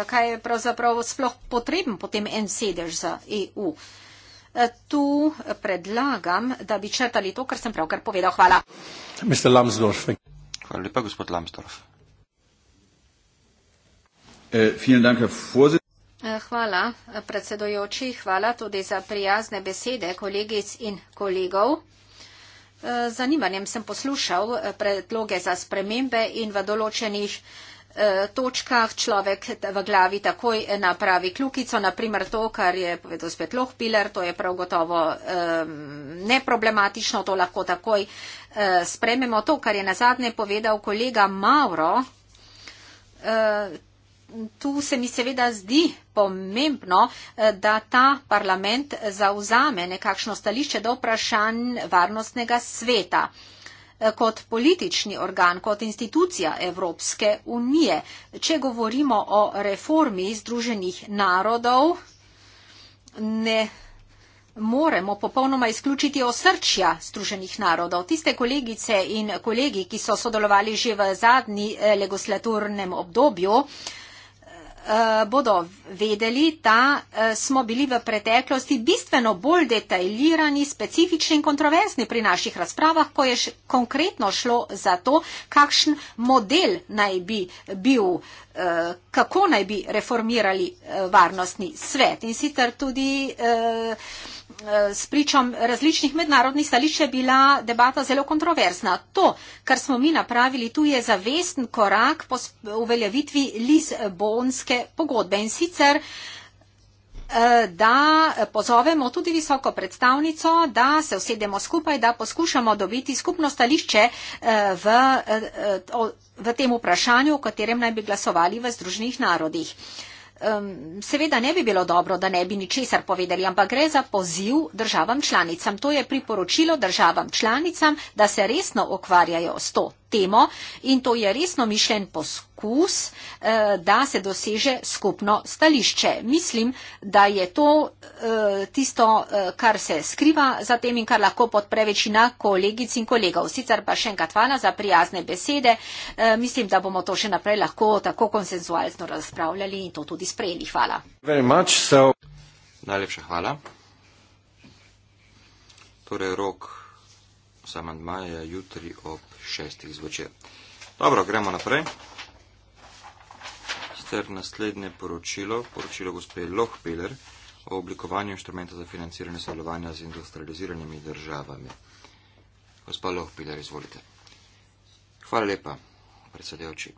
zakaj je pravzaprav sploh potreben potem en sedež za EU tu predlagam, da bi črtali to, kar sem pravkar povedal. Hvala. Hvala lepa, gospod Lambsdorff. Eh, eh, hvala, predsedojoči. Hvala tudi za prijazne besede kolegic in kolegov. Eh, z zanimanjem sem poslušal predloge za spremembe in v določenih Eh, točkah človek v glavi takoj eh, napravi kljukico, naprimer to, kar je povedal spet Lohpiller, to je prav gotovo neproblematično, to lahko takoj eh, sprememo. To, kar je nazadnje povedal kolega Mauro, tu se mi seveda zdi pomembno, da ta parlament zauzame nekakšno stališče do vprašanj varnostnega sveta. Eh, kot politični organ, kot institucija Evropske unije. Če govorimo o reformi Združenih narodov, ne moremo popolnoma izključiti osrčja Združenih narodov. Tiste kolegice in kolegi, ki so sodelovali že v zadnji eh, legislaturnem obdobju, Eh, bodo vedeli, da eh, smo bili v preteklosti bistveno bolj detaljirani, specifični in kontroverzni pri naših razpravah, ko je konkretno šlo za to, kakšen model naj bi bil, eh, kako naj bi reformirali varnostni svet. In sicer tudi. Eh, s pričom različnih mednarodnih stališč je bila debata zelo kontroverzna. To, kar smo mi napravili tu, je zavesten korak po uveljavitvi Lizbonske pogodbe in sicer eh, da pozovemo tudi visoko predstavnico, da se usedemo skupaj, da poskušamo dobiti skupno stališče eh, v, v tem vprašanju, o katerem naj bi glasovali v Združenih narodih. Um, seveda ne bi bilo dobro, da ne bi ničesar povedali, ampak gre za poziv državam članicam. To je priporočilo državam članicam, da se resno ukvarjajo s to temo in to je resno mišljen poskus, eh, da se doseže skupno stališče. Mislim, da je to eh, tisto, eh, kar se skriva za tem in kar lahko podpre večina kolegic in kolegov. Sicer pa še enkrat hvala za prijazne besede. Mislim, da bomo to še naprej lahko tako konsenzualno razpravljali in to tudi sprejeli. Hvala. So... Najlepša hvala. Torej, rok za mandma je jutri ob šestih zvečer. Dobro, gremo naprej. Ter naslednje poročilo, poročilo gospe Lohpeler o oblikovanju inštrumenta za financiranje sodelovanja z industrializiranimi državami. Gospa Lohpeler, izvolite. Hvala lepa, predsedevči.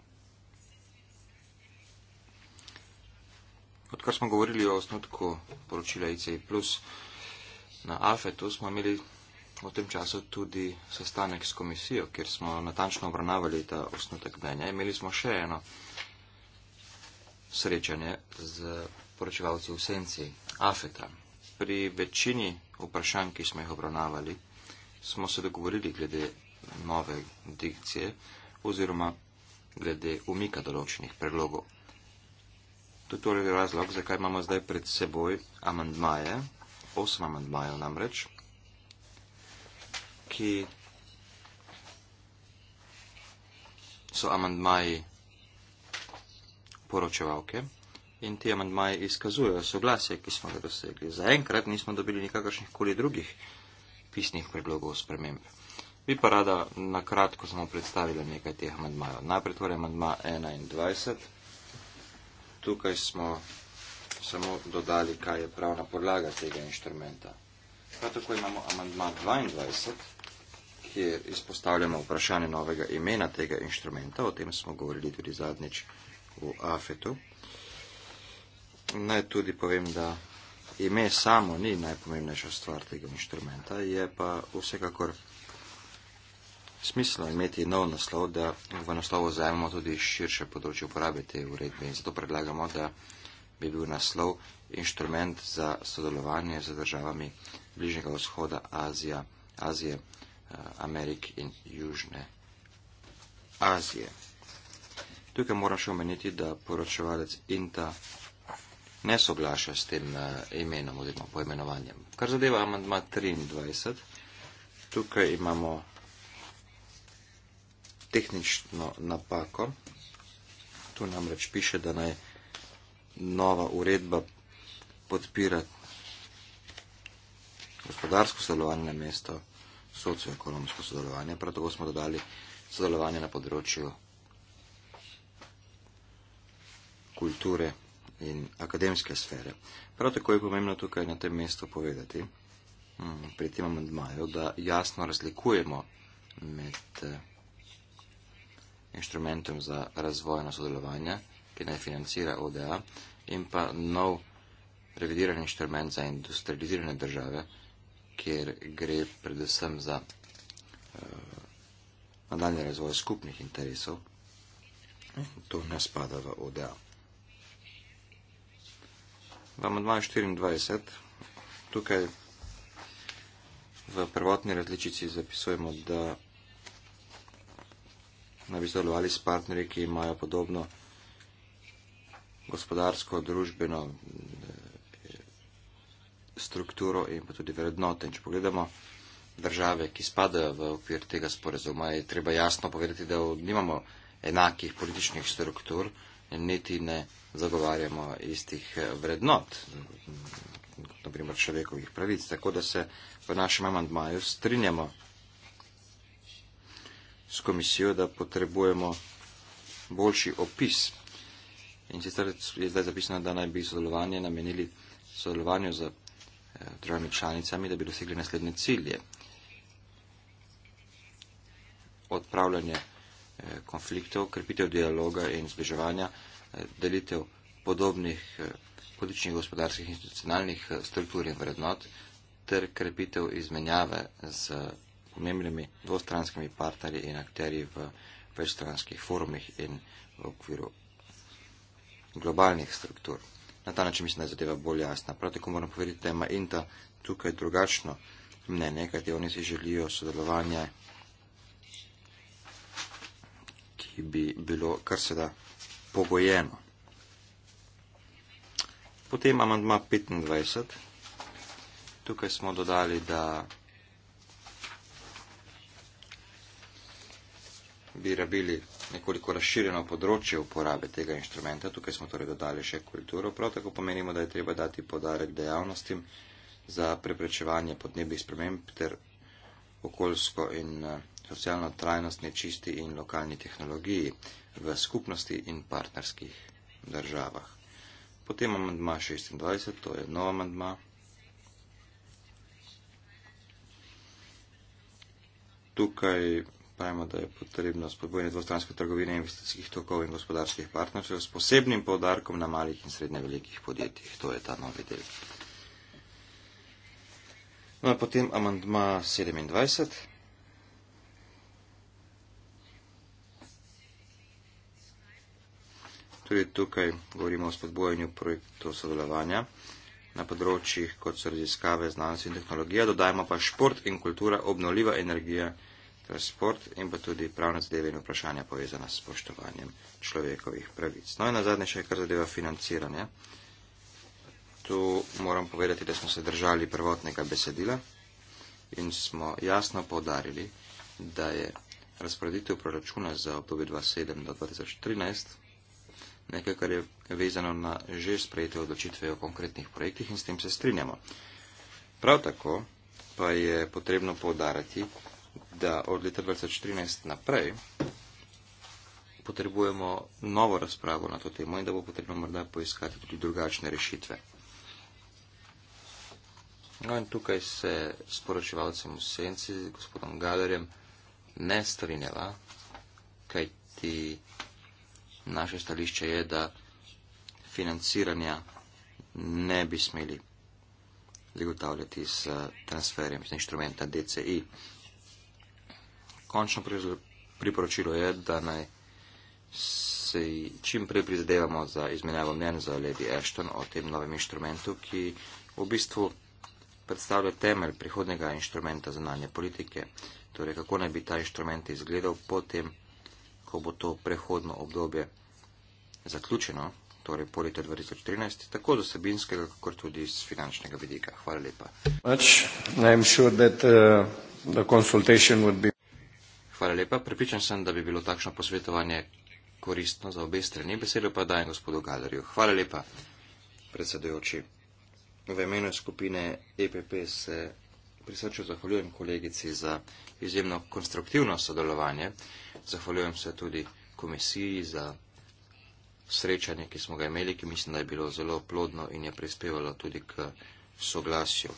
Odkar smo govorili o osnutku poročila ICI, na AFET-u smo imeli v tem času tudi sestanek s komisijo, kjer smo natančno obravnavali ta osnutek mnenja. Imeli smo še eno srečanje z poročevalci v senci Afeta. Pri večini vprašanj, ki smo jih obravnavali, smo se dogovorili glede nove dikcije oziroma glede umika določenih predlogov. Tudi to je razlog, zakaj imamo zdaj pred seboj amandmaje, osem amandmajev namreč, ki so amandmaji poročevalke in ti amandmaji izkazujejo soglasje, ki smo ga dosegli. Zaenkrat nismo dobili nikakršnih koli drugih pisnih predlogov sprememb. Bi pa rada na kratko samo predstavila nekaj teh amandmajev. Najprej torej amandma 21. Tukaj smo samo dodali, kaj je pravna podlaga tega inštrumenta. Prav tako imamo amandma 22 kjer izpostavljamo vprašanje novega imena tega inštrumenta. O tem smo govorili tudi zadnjič v Afetu. Naj tudi povem, da ime samo ni najpomembnejša stvar tega inštrumenta, je pa vsekakor smiselno imeti nov naslov, da v naslovu zajmemo tudi širše področje uporabe te uredbe in zato predlagamo, da bi bil naslov inštrument za sodelovanje z državami Bližnjega vzhoda Azija, Azije. Azije. Eh, Amerike in Južne Azije. Tukaj moram še omeniti, da poročevalec Inta ne soglaša s tem eh, imenom oziroma poimenovanjem. Kar zadeva amandma 23, tukaj imamo tehnično napako. Tu namreč piše, da naj nova uredba podpira gospodarsko sodelovanje na mesto socioekonomsko sodelovanje. Prav tako smo dodali sodelovanje na področju kulture in akademske sfere. Prav tako je pomembno tukaj na tem mestu povedati, mm, pri tem amandmaju, da jasno razlikujemo med eh, inštrumentom za razvojno sodelovanje, ki naj financira ODA, in pa nov revidiran inštrument za industrializirane države, kjer gre predvsem za uh, eh, nadaljni razvoj skupnih interesov. To ne spada v ODA. V amandmaju 24, tukaj v prvotni različici zapisujemo, da naj bi sodelovali s partnerji, ki imajo podobno gospodarsko, družbeno, strukturo in pa tudi vrednote. In če pogledamo države, ki spadajo v okvir tega sporezuma, je treba jasno povedati, da nimamo enakih političnih struktur in niti ne zagovarjamo istih eh, vrednot, naprimer človekovih pravic. Tako da se v našem amandmaju strinjamo s komisijo, da potrebujemo boljši opis. In sicer je zdaj zapisano, da naj bi sodelovanje namenili sodelovanju za državami članicami, da bi dosegli naslednje cilje. Odpravljanje eh, konfliktov, krepitev dialoga in zbeževanja, eh, delitev podobnih eh, političnih, gospodarskih in institucionalnih struktur in vrednot ter krepitev izmenjave z pomembnimi dvostranskimi partnerji in akterji v večstranskih forumih in v okviru globalnih struktur. Na ta način mislim, da je zadeva bolj jasna. Prav tako moram povedati, da ima Inta tukaj drugačno mnenje, kajti oni si želijo sodelovanje, ki bi bilo kar se da pogojeno. Potem amandma 25. Tukaj smo dodali, da bi rabili nekoliko razširjeno področje uporabe tega inštrumenta, tukaj smo torej dodali še kulturo, prav tako pomenimo, da je treba dati podarek dejavnostim za preprečevanje podnebnih sprememb ter okoljsko in eh, socialno trajnostne čisti in lokalni tehnologiji v skupnosti in partnerskih državah. Potem amandma 26, to je nov amandma. Tukaj pravimo, da je potrebno spodbojanje dvostranske trgovine investicijskih tokov in gospodarskih partnerstv s posebnim povdarkom na malih in srednje velikih podjetjih. To je ta novi del. No, potem amandma 27. Tudi tukaj govorimo o spodbojanju projektov sodelovanja na področjih, kot so raziskave, znanost in tehnologija, dodajmo pa šport in kultura, obnoljiva energija ter sport in pa tudi pravne zadeve in vprašanja povezana s spoštovanjem človekovih pravic. No in na zadnje še, kar zadeva financiranje. Tu moram povedati, da smo se držali prvotnega besedila in smo jasno povdarili, da je razporeditev proračuna za obdobje 2007 do 2013 nekaj, kar je vezano na že sprejete odločitve o konkretnih projektih in s tem se strinjamo. Prav tako pa je potrebno povdarjati, da od leta 2013 naprej potrebujemo novo razpravo na to temo in da bo potrebno morda poiskati tudi drugačne rešitve. No in tukaj se s poročevalcem v senci, z gospodom Galerjem, ne strinjava, kaj ti naše stališče je, da financiranja ne bi smeli zagotavljati s transferjem, z inštrumenta DCI končno priporočilo je, da naj se čim prej prizadevamo za izmenjavo mnen za Lady Ashton o tem novem inštrumentu, ki v bistvu predstavlja temelj prihodnega inštrumenta zunanje politike. Torej, kako naj bi ta inštrument izgledal potem, ko bo to prehodno obdobje zaključeno, torej po letu 2013, tako z osebinskega, kakor tudi z finančnega vidika. Hvala lepa. Much, Hvala lepa. Pripričan sem, da bi bilo takšno posvetovanje koristno za obe strani. Besedo pa dajem gospodu Galerju. Hvala lepa, predsedujoči. V imenu skupine EPP se prisrčno zahvaljujem kolegici za izjemno konstruktivno sodelovanje. Zahvaljujem se tudi komisiji za srečanje, ki smo ga imeli, ki mislim, da je bilo zelo plodno in je prispevalo tudi k soglasju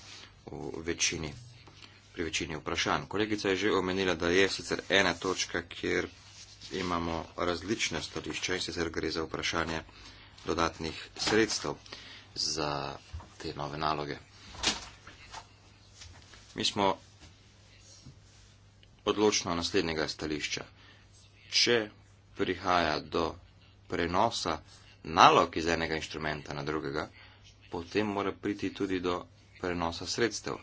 v večini pri večini vprašanj. Kolegica je že omenila, da je sicer ena točka, kjer imamo različne stališča in sicer gre za vprašanje dodatnih sredstev za te nove naloge. Mi smo odločno naslednjega stališča. Če prihaja do prenosa nalog iz enega inštrumenta na drugega, potem mora priti tudi do prenosa sredstev.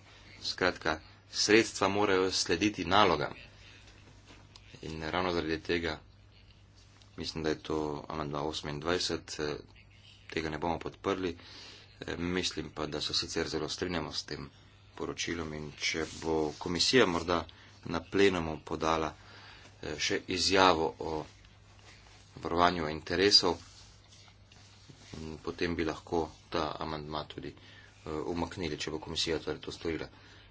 Skratka, sredstva morajo slediti nalogam. In ravno zaradi tega, mislim, da je to amandma 28, eh, tega ne bomo podprli. Eh, mislim pa, da se sicer zelo strinjamo s tem poročilom in če bo komisija morda na plenumu podala eh, še izjavo o varovanju interesov, potem bi lahko ta amandma tudi umaknili, če bo komisija torej to storila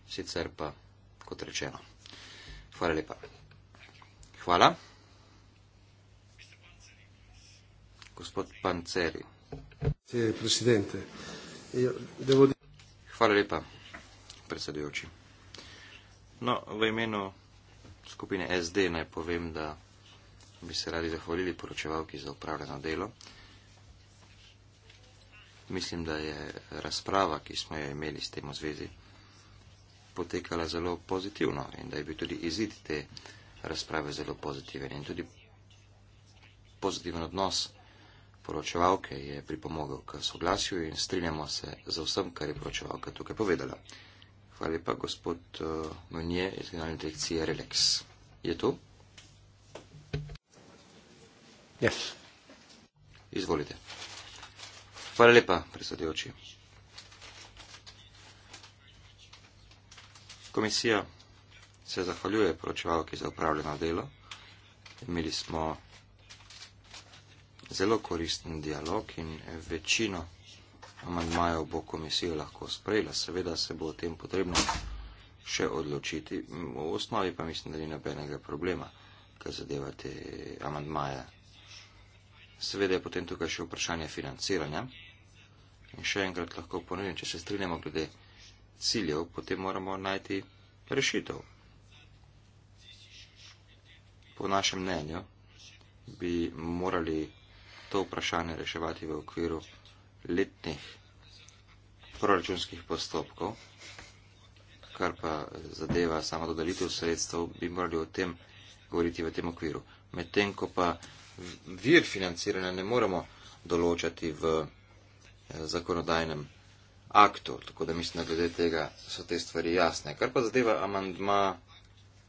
sicer pa kot rečeno. Hvala lepa. Hvala. Gospod Panceri. Hvala lepa, predsedujoči. No, v imenu skupine SD naj povem, da bi se radi zahvalili poročevalki za upravljeno delo. Mislim, da je razprava, ki smo jo imeli s tem v zvezi potekala zelo pozitivno in da je bil tudi izid te razprave zelo pozitiven. In tudi pozitiven odnos poročevalke je pripomogel k soglasju in strinjamo se za vsem, kar je poročevalka tukaj povedala. Hvala lepa, gospod eh, Mnje iz generalne direkcije Relax. Je tu? Yes. Izvolite. Hvala lepa, predsedujoči. komisija se zahvaljuje poročevalki za upravljeno delo. Imeli smo zelo koristen dialog in večino amandmajev bo komisija lahko sprejela. Seveda se bo o tem potrebno še odločiti. V osnovi pa mislim, da ni nobenega problema, kar zadeva te amandmaje. Seveda je potem tukaj še vprašanje financiranja. In še enkrat lahko ponovim, če se strinjamo glede ciljev, potem moramo najti rešitev. Po našem mnenju bi morali to vprašanje reševati v okviru letnih proračunskih postopkov, kar pa zadeva samo dodelitev sredstev, bi morali o tem govoriti v tem okviru. Medtem, ko pa vir financiranja ne moremo določati v eh, zakonodajnem aktov, tako da mislim, da glede tega so te stvari jasne. Kar pa zadeva amandma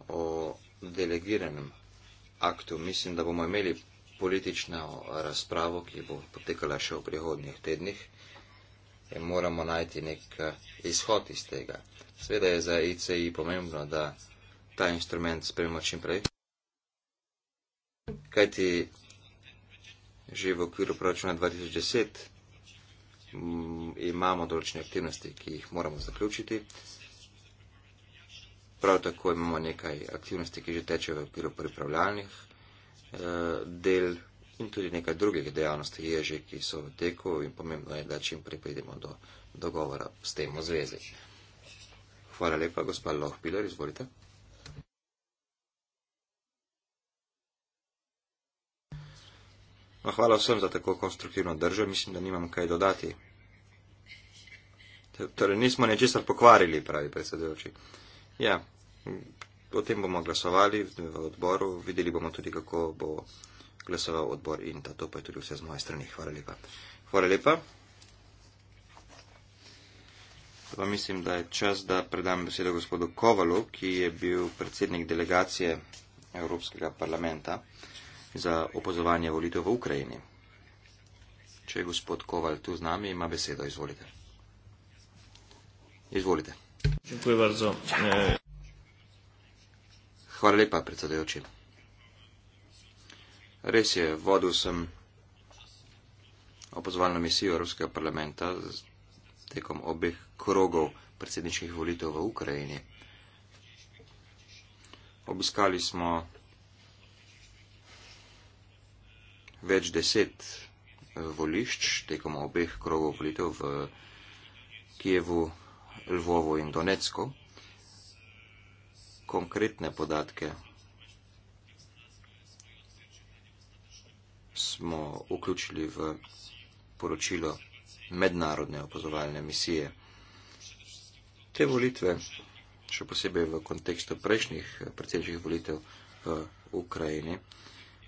o delegiranem aktu, mislim, da bomo imeli politično razpravo, ki bo potekala še v prihodnjih tednih in moramo najti nek eh, izhod iz tega. Sveda je za ICI pomembno, da ta instrument spremo čim prej. Kaj ti že v okviru proračuna 2010? Mm, imamo določene aktivnosti, ki jih moramo zaključiti. Prav tako imamo nekaj aktivnosti, ki že tečejo v okviru pripravljalnih eh, del in tudi nekaj drugih dejavnosti je že, ki so v teku in pomembno je, da čim prej pridemo do dogovora s tem v zvezi. Hvala lepa, gospod Lohpiler, izvolite. No, hvala vsem za tako konstruktivno držo, mislim, da nimam kaj dodati. Torej, nismo nečesar pokvarili, pravi predsedujoči. Ja, o tem bomo glasovali v odboru, videli bomo tudi, kako bo glasoval odbor in ta to pa je tudi vse z moje strani. Hvala lepa. Hvala lepa. Pa mislim, da je čas, da predam besedo gospodu Kovalu, ki je bil predsednik delegacije Evropskega parlamenta za opozovanje volitev v Ukrajini. Če je gospod Koval tu z nami, ima besedo. Izvolite. Izvolite. Hvala lepa, predsedajoči. Res je, vodil sem opozovalno misijo Evropskega parlamenta tekom obeh krogov predsedniških volitev v Ukrajini. Obiskali smo več deset eh, volišč tekom obeh krogov volitev v Kijevu, Lvovu in Donetsku. Konkretne podatke smo vključili v poročilo mednarodne opozovalne misije. Te volitve, še posebej v kontekstu prejšnjih eh, predsedniških volitev v Ukrajini,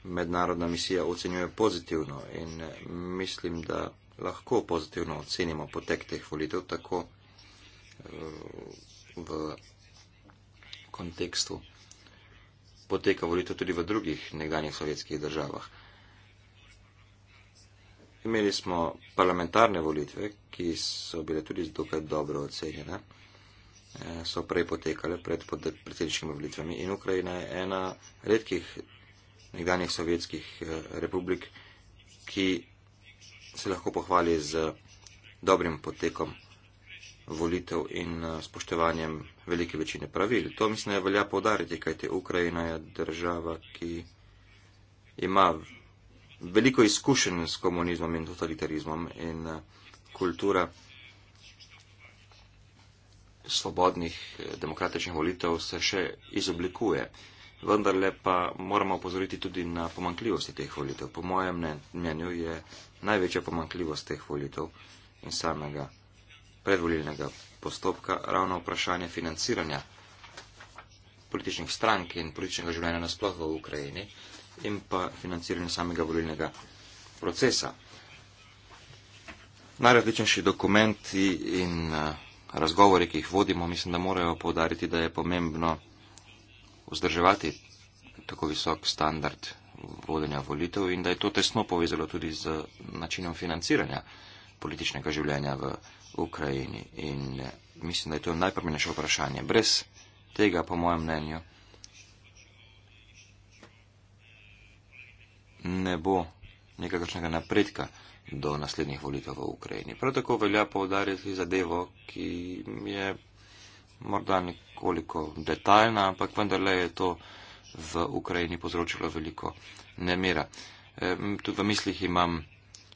mednarodna misija ocenjuje pozitivno in eh, mislim, da lahko pozitivno ocenimo potek teh volitev tako eh, v kontekstu poteka volitev tudi v drugih nekdanjih sovjetskih državah. Imeli smo parlamentarne volitve, ki so bile tudi dokaj dobro ocenjene, eh, so prej potekale pred predsedničkimi volitvami in Ukrajina je ena redkih nekdanjih sovjetskih eh, republik, ki se lahko pohvali z dobrim potekom volitev in eh, spoštovanjem velike večine pravil. To mislim, da je velja povdariti, kajte Ukrajina je država, ki ima veliko izkušenj s komunizmom in totalitarizmom in eh, kultura svobodnih demokratičnih volitev se še izoblikuje vendarle pa moramo opozoriti tudi na pomankljivosti teh volitev. Po mojem mnenju je največja pomankljivost teh volitev in samega predvolilnega postopka ravno vprašanje financiranja političnih strank in političnega življenja nasploh v Ukrajini in pa financiranje samega volilnega procesa. Najrazličnejši dokumenti in uh, razgovori, ki jih vodimo, mislim, da morajo povdariti, da je pomembno vzdrževati tako visok standard vodenja volitev in da je to tesno povezalo tudi z načinom financiranja političnega življenja v Ukrajini. In eh, mislim, da je to najpomembnejše vprašanje. Brez tega, po mojem mnenju, ne bo nekakšnega napredka do naslednjih volitev v Ukrajini. Prav tako velja poudariti zadevo, ki je morda nekoliko detaljna, ampak vendarle je to v Ukrajini povzročilo veliko nemira. E, tudi v mislih imam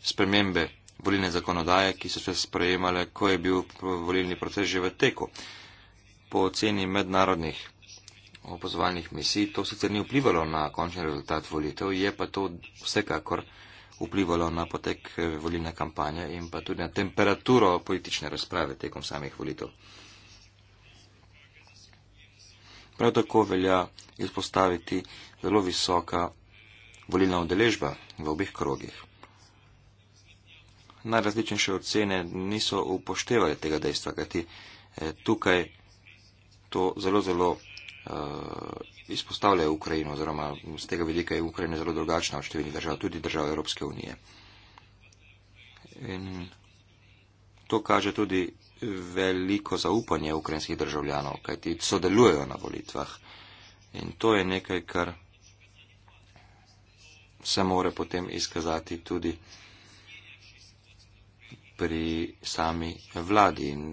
spremembe volilne zakonodaje, ki so se sprejemale, ko je bil volilni proces že v teku. Po oceni mednarodnih opozovalnih misij to sicer ni vplivalo na končni rezultat volitev, je pa to vsekakor vplivalo na potek eh, volilne kampanje in pa tudi na temperaturo politične razprave tekom samih volitev. Prav tako velja izpostaviti zelo visoka volilna udeležba v obih krogih. Najrazličnejše ocene niso upoštevali tega dejstva, kajti eh, tukaj to zelo, zelo uh, eh, izpostavlja Ukrajino, oziroma z tega vidika je Ukrajina zelo drugačna od številnih držav, tudi držav Evropske unije. In To kaže tudi veliko zaupanje ukrajinskih državljanov, kajti sodelujejo na volitvah. In to je nekaj, kar se more potem izkazati tudi pri sami vladi. In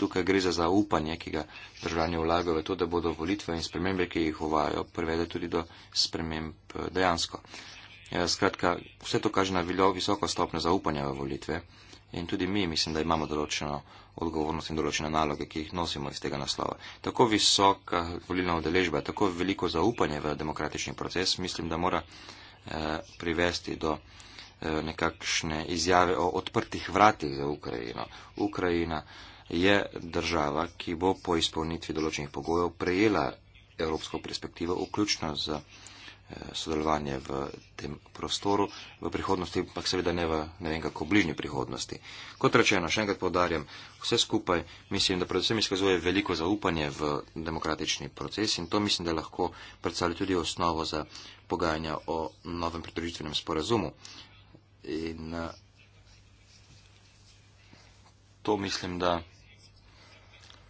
tukaj gre za zaupanje, ki ga državljani vlagajo v to, da bodo volitve in spremembe, ki jih uvajajo, privede tudi do sprememb eh, dejansko. Ja, skratka, vse to kaže na visoko stopnjo zaupanja v volitve. In tudi mi mislim, da imamo določeno odgovornost in določene naloge, ki jih nosimo iz tega naslova. Tako visoka volilna udeležba, tako veliko zaupanje v demokratični proces, mislim, da mora eh, privesti do eh, nekakšne izjave o odprtih vratih za Ukrajino. Ukrajina je država, ki bo po izpolnitvi določenih pogojev prejela evropsko perspektivo, vključno z. Eh, sodelovanje v tem prostoru, v prihodnosti, pa seveda ne v ne vem kako bližnji prihodnosti. Kot rečeno, še enkrat povdarjam, vse skupaj mislim, da predvsem izkazuje veliko zaupanje v demokratični proces in to mislim, da lahko predstavlja tudi osnovo za pogajanja o novem pridružitvenem sporazumu. In eh, to mislim, da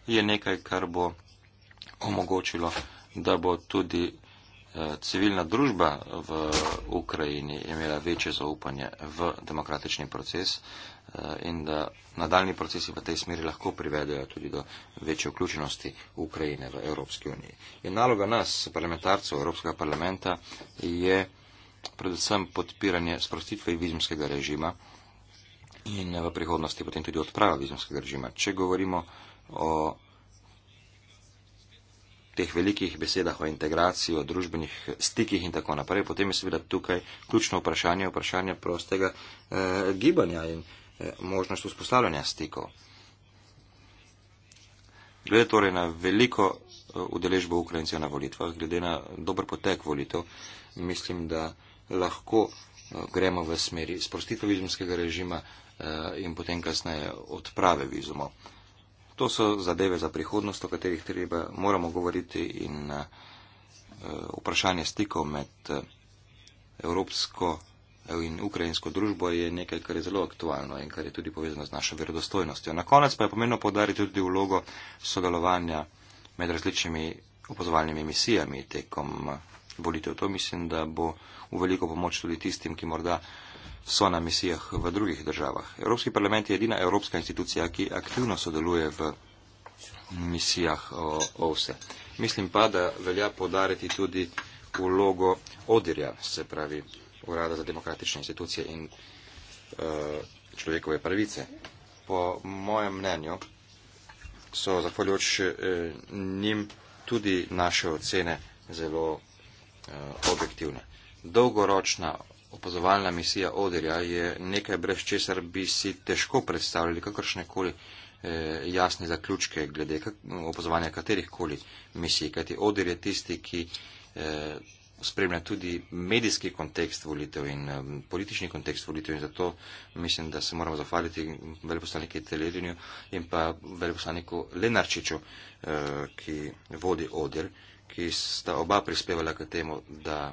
je nekaj, kar bo omogočilo, da bo tudi Eh, civilna družba v Ukrajini imela večje zaupanje v demokratični proces eh, in da nadaljni procesi v tej smeri lahko privedejo tudi do večje vključenosti Ukrajine v Evropski uniji. In naloga nas, parlamentarcev Evropskega parlamenta, je predvsem podpiranje sprostitve vizumskega režima in eh, v prihodnosti potem tudi odprava vizumskega režima. Če govorimo o teh velikih besedah o integraciji, o družbenih stikih in tako naprej, potem je seveda tukaj ključno vprašanje, vprašanje prostega eh, gibanja in eh, možnost vzpostavljanja stikov. Glede torej na veliko eh, udeležbo Ukrajincev na volitvah, glede na dober potek volitev, mislim, da lahko eh, gremo v smeri sprostitve vizumskega režima eh, in potem kasneje odprave vizumov. To so zadeve za prihodnost, o katerih treba, moramo govoriti in uh, vprašanje stikov med uh, evropsko eh, in ukrajinsko družbo je nekaj, kar je zelo aktualno in kar je tudi povezano z našo verodostojnostjo. Na konec pa je pomembno podariti tudi vlogo sodelovanja med različnimi opozovalnimi misijami tekom volitev. To mislim, da bo v veliko pomoč tudi tistim, ki morda so na misijah v drugih državah. Evropski parlament je edina evropska institucija, ki aktivno sodeluje v misijah OVSE. Mislim pa, da velja podariti tudi vlogo Odirja, se pravi Urada za demokratične institucije in e, človekove pravice. Po mojem mnenju so zahvaljujoč e, njim tudi naše ocene zelo e, objektivne. Dolgoročna opazovalna misija Oderja je nekaj, brez česar bi si težko predstavljali kakršne koli eh, jasne zaključke glede kak, opazovanja katerih koli misij, kajti Oder je tisti, ki eh, spremlja tudi medijski kontekst volitev in eh, politični kontekst volitev in zato mislim, da se moramo zahvaliti veleposlaniki Telerinju in pa veleposlaniku Lenarčiču, eh, ki vodi Oder, ki sta oba prispevala k temu, da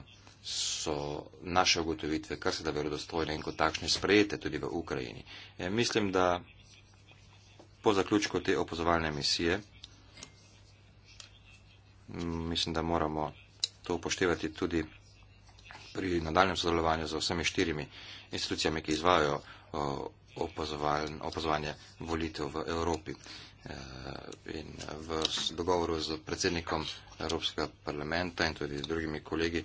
so naše ugotovitve, kar se da verodostojne in kot takšne sprejete tudi v Ukrajini. E, mislim, da po zaključku te opozovalne misije, mislim, da moramo to upoštevati tudi pri nadaljem sodelovanju z vsemi štirimi institucijami, ki izvajo opozovanje volitev v Evropi e, in v dogovoru z predsednikom Evropskega parlamenta in tudi z drugimi kolegi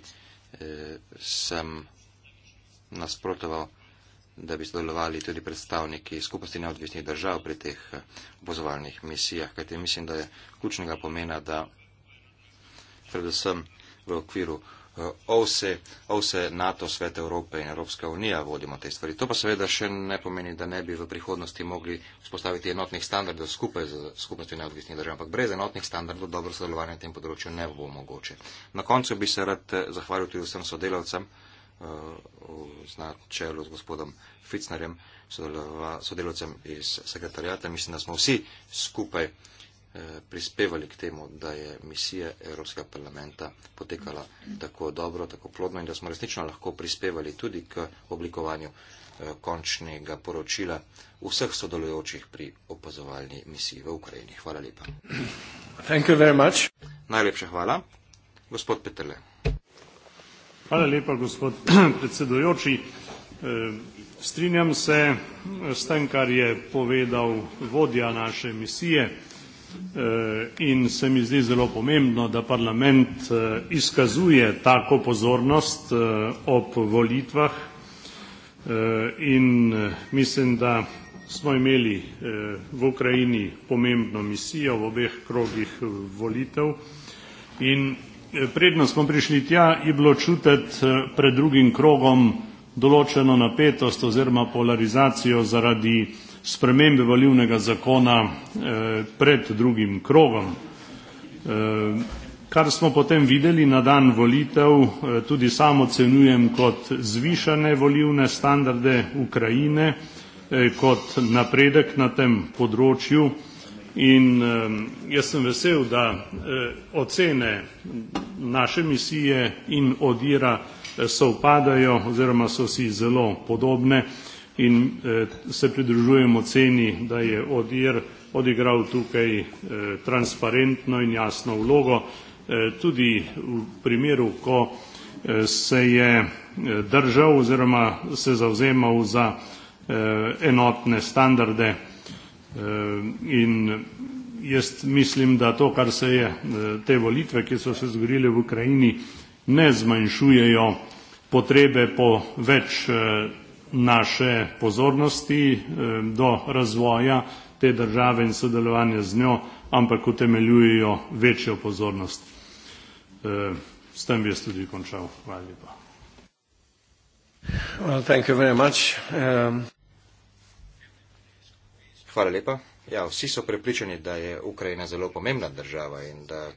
sem nasprotoval, da bi sodelovali tudi predstavniki skupnosti neodvisnih držav pri teh eh, opozovalnih misijah, kajte mislim, da je ključnega pomena, da predvsem v okviru OVSE, OVSE, NATO, Svet Evrope in Evropska unija vodimo te stvari. To pa seveda še ne pomeni, da ne bi v prihodnosti mogli vzpostaviti enotnih standardov skupaj z skupnostjo neodvisnih držav, ampak brez enotnih standardov dobro sodelovanje na tem področju ne bo mogoče. Na koncu bi se rad eh, zahvalil tudi vsem sodelavcem, eh, na čelu z gospodom Ficnerjem, sodelavcem iz sekretarijata. Mislim, da smo vsi skupaj. Eh, prispevali k temu, da je misija Evropskega parlamenta potekala tako dobro, tako plodno in da smo resnično lahko prispevali tudi k oblikovanju eh, končnega poročila vseh sodelujočih pri opazovalni misiji v Ukrajini. Hvala lepa. Najlepša hvala. Gospod Petrle. Hvala lepa, gospod predsedujoči. Eh, strinjam se s tem, kar je povedal vodja naše misije. Eh, in se mi zdi zelo pomembno, da parlament eh, izkazuje tako pozornost eh, ob volitvah in mislim, da smo imeli v Ukrajini pomembno misijo v obeh krogih volitev in predno smo prišli tja, je bilo čutiti pred drugim krogom določeno napetost oziroma polarizacijo zaradi spremembe volivnega zakona eh, pred drugim krogom. Eh, kar smo potem videli na dan volitev, eh, tudi sam ocenjujem kot zvišane volivne standarde Ukrajine, kot napredek na tem področju. In jaz sem vesel, da ocene naše misije in odira sovpadajo oziroma so si zelo podobne in eh, se pridružujemo ceni, da je odir odigral tukaj eh, transparentno in jasno vlogo, eh, tudi v primeru, ko eh, se je e, držal oziroma se zauzemal za eh, enotne standarde. Eh, in jaz mislim, da to, kar se je, e, te volitve, ki so se zgorile v Ukrajini, ne zmanjšujejo potrebe po več eh, naše pozornosti eh, do razvoja te države in sodelovanja z njo, ampak utemeljujejo večjo pozornost. Eh, s tem bi jaz tudi končal. Hvala lepa. Um, Hvala lepa. Ja, vsi so prepričani, da je Ukrajina zelo pomembna država in da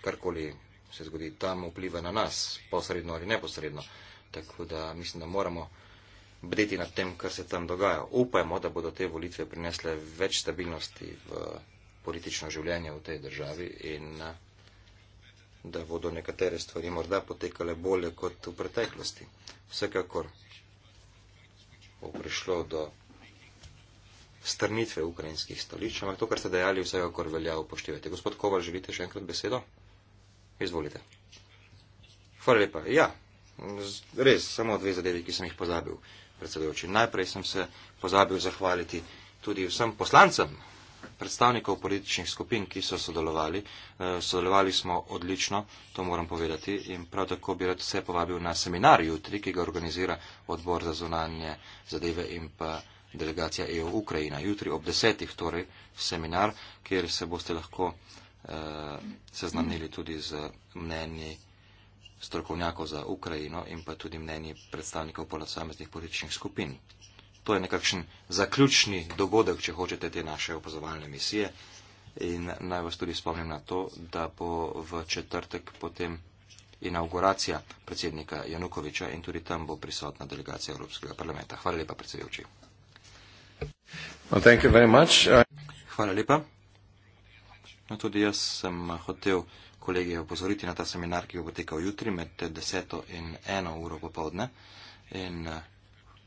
karkoli se zgodi tam, vpliva na nas, posredno ali neposredno. Tako da mislim, da moramo bdeti nad tem, kar se tam dogaja. Upajmo, da bodo te volitve prinesle več stabilnosti v politično življenje v tej državi in eh, da bodo nekatere stvari morda potekale bolje kot v preteklosti. Vsekakor bo prišlo do strnitve ukrajinskih stolič, ampak to, kar ste dejali, vsekakor velja upoštevati. Gospod Koval, želite še enkrat besedo? Izvolite. Hvala lepa. Ja, res, samo dve zadevi, ki sem jih pozabil predsedujoči. Najprej sem se pozabil zahvaliti tudi vsem poslancem predstavnikov političnih skupin, ki so sodelovali. Eh, sodelovali smo odlično, to moram povedati, in prav tako bi rad vse povabil na seminar jutri, ki ga organizira odbor za zunanje zadeve in pa delegacija EU Ukrajina. Jutri ob desetih torej seminar, kjer se boste lahko eh, seznanili tudi z mnenji strokovnjakov za Ukrajino in pa tudi mnenje predstavnikov polacameznih političnih skupin. To je nekakšen zaključni dogodek, če hočete, te naše opazovalne misije. In naj vas tudi spomnim na to, da bo v četrtek potem inauguracija predsednika Janukoviča in tudi tam bo prisotna delegacija Evropskega parlamenta. Hvala lepa, predsedujoči. Well, Hvala lepa. No, tudi jaz sem hotel kolege opozoriti na ta seminar, ki bo potekal jutri med 10 in 1 uro popovdne. In eh,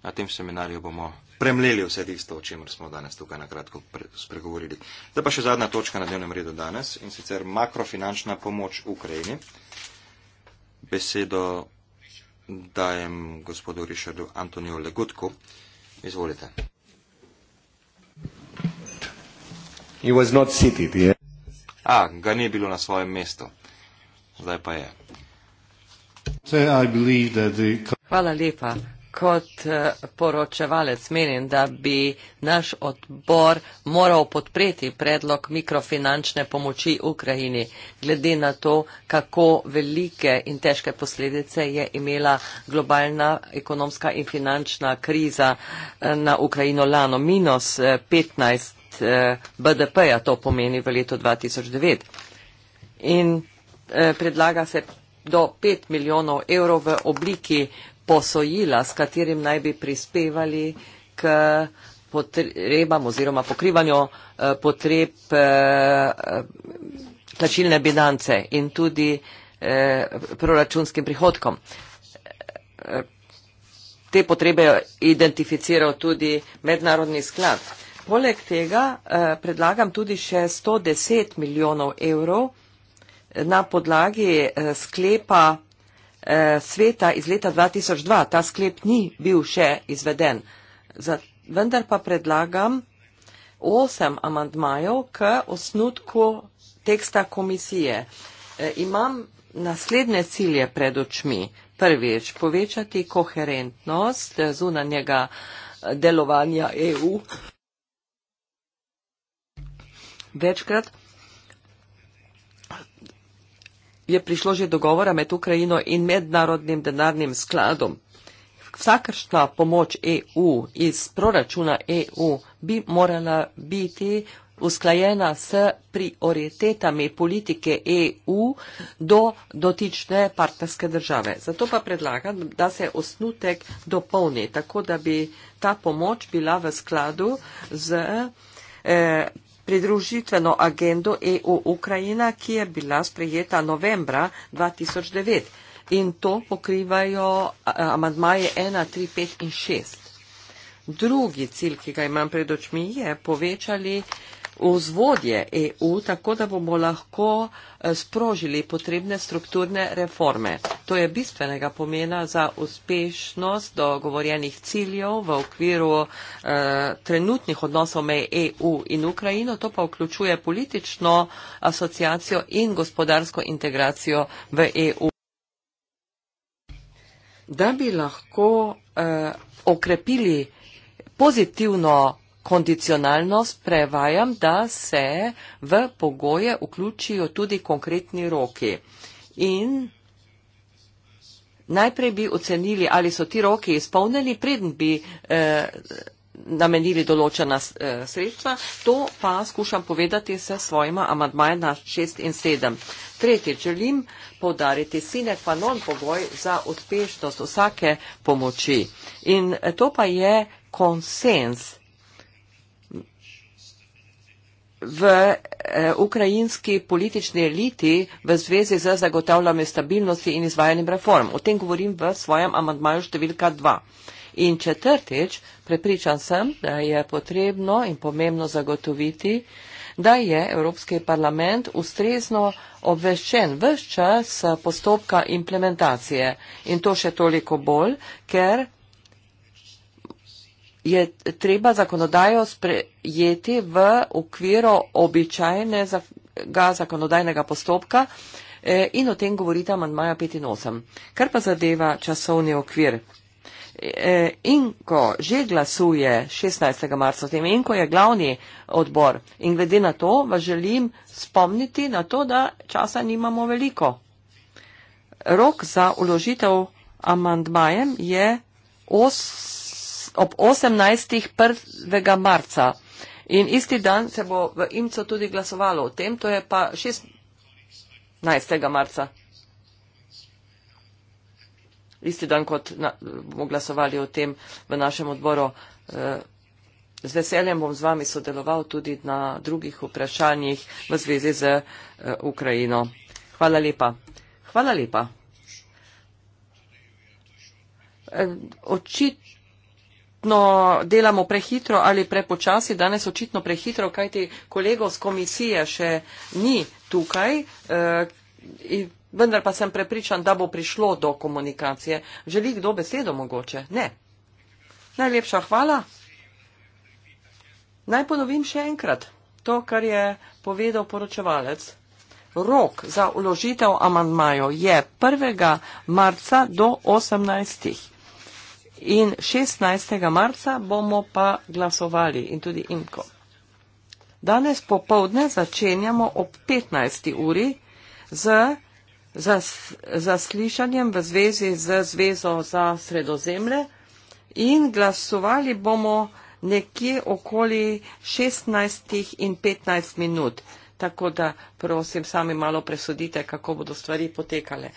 na tem seminarju bomo premleli vse tisto, o čemer smo danes tukaj na kratko spregovorili. Zdaj pa še zadnja točka na dnevnem redu danes in sicer makrofinančna pomoč Ukrajini. Besedo dajem gospodu Richardu Antoniju Legutku. Izvolite. He was not seated, yeah. A, ga ni bilo na svojem mestu. Zdaj pa je. Hvala lepa. Kot eh, poročevalec menim, da bi naš odbor moral podpreti predlog mikrofinančne pomoči Ukrajini, glede na to, kako velike in težke posledice je imela globalna ekonomska in finančna kriza eh, na Ukrajino lano. Minus 15 eh, Eh, BDP-ja, to pomeni v letu 2009. In eh, predlaga se do 5 milijonov evrov v obliki posojila, s katerim naj bi prispevali k potrebam oziroma pokrivanju eh, potreb plačilne bilance in tudi proračunskim prihodkom. Te potrebe je identificiral tudi mednarodni sklad. Poleg tega eh, predlagam tudi še 110 milijonov evrov eh, na podlagi eh, sklepa eh, sveta iz leta 2002. Ta sklep ni bil še izveden. Zat, vendar pa predlagam osem amandmajev k osnutku teksta komisije. Eh, imam naslednje cilje pred očmi. Prvič, povečati koherentnost eh, zunanjega eh, delovanja EU večkrat. Je prišlo že dogovora med Ukrajino in mednarodnim denarnim skladom. Vsakršna pomoč EU iz proračuna EU bi morala biti usklajena s prioritetami politike EU do dotične partnerske države. Zato pa predlagam, da se osnutek dopolni, tako da bi ta pomoč bila v skladu z. Eh, pridružitveno agendo EU Ukrajina, ki je bila sprejeta novembra 2009. In to pokrivajo amadmaje 1, 3, 5 in 6. Drugi cilj, ki ga imam pred očmi, je povečali vzvodje EU, tako da bomo lahko eh, sprožili potrebne strukturne reforme. To je bistvenega pomena za uspešnost dogovorjenih ciljev v okviru eh, trenutnih odnosov med EU in Ukrajino. To pa vključuje politično asociacijo in gospodarsko integracijo v EU. Da bi lahko eh, okrepili pozitivno kondicionalnost prevajam, da se v pogoje vključijo tudi konkretni roki. In najprej bi ocenili, ali so ti roki izpolneni, preden bi eh, namenili določena eh, sredstva. To pa skušam povedati s svojima amadmaja na 6 in 7. Tretje, želim povdariti sine qua non pogoj za uspešnost vsake pomoči. In eh, to pa je konsens v eh, ukrajinski politični eliti v zvezi z zagotavljanjem stabilnosti in izvajanjem reform. O tem govorim v svojem amandmaju številka 2. In četrtič, prepričan sem, da je potrebno in pomembno zagotoviti, da je Evropski parlament ustrezno obveščen vse čas postopka implementacije. In to še toliko bolj, ker je treba zakonodajo sprejeti v okviru običajnega zakonodajnega postopka eh, in o tem govorite amantmaja 5 in 8. Kar pa zadeva časovni okvir. Eh, in ko že glasuje 16. marca o tem, in ko je glavni odbor, in glede na to vas želim spomniti na to, da časa nimamo veliko. Rok za uložitev amantmajem je 8 ob 18. 1. marca. In isti dan se bo v Imco tudi glasovalo o tem, to je pa 16. marca. Isti dan, kot na, bomo glasovali o tem v našem odboru. Eh, z veseljem bom z vami sodeloval tudi na drugih vprašanjih v zvezi z eh, Ukrajino. Hvala lepa. Hvala lepa. Eh, Očitno očitno delamo prehitro ali prepočasi, danes očitno prehitro, kajti kolego z komisije še ni tukaj. Uh, in, vendar pa sem prepričan, da bo prišlo do komunikacije. Želi kdo besedo mogoče? Ne. Najlepša hvala. Naj ponovim še enkrat to, kar je povedal poročevalec. Rok za uložitev amandmajo je 1. marca do 18 in 16. marca bomo pa glasovali in tudi imko. Danes popovdne začenjamo ob 15. uri z zaslišanjem v zvezi z Zvezo za sredozemlje in glasovali bomo nekje okoli 16 in 15 minut. Tako da prosim, sami malo presudite, kako bodo stvari potekale.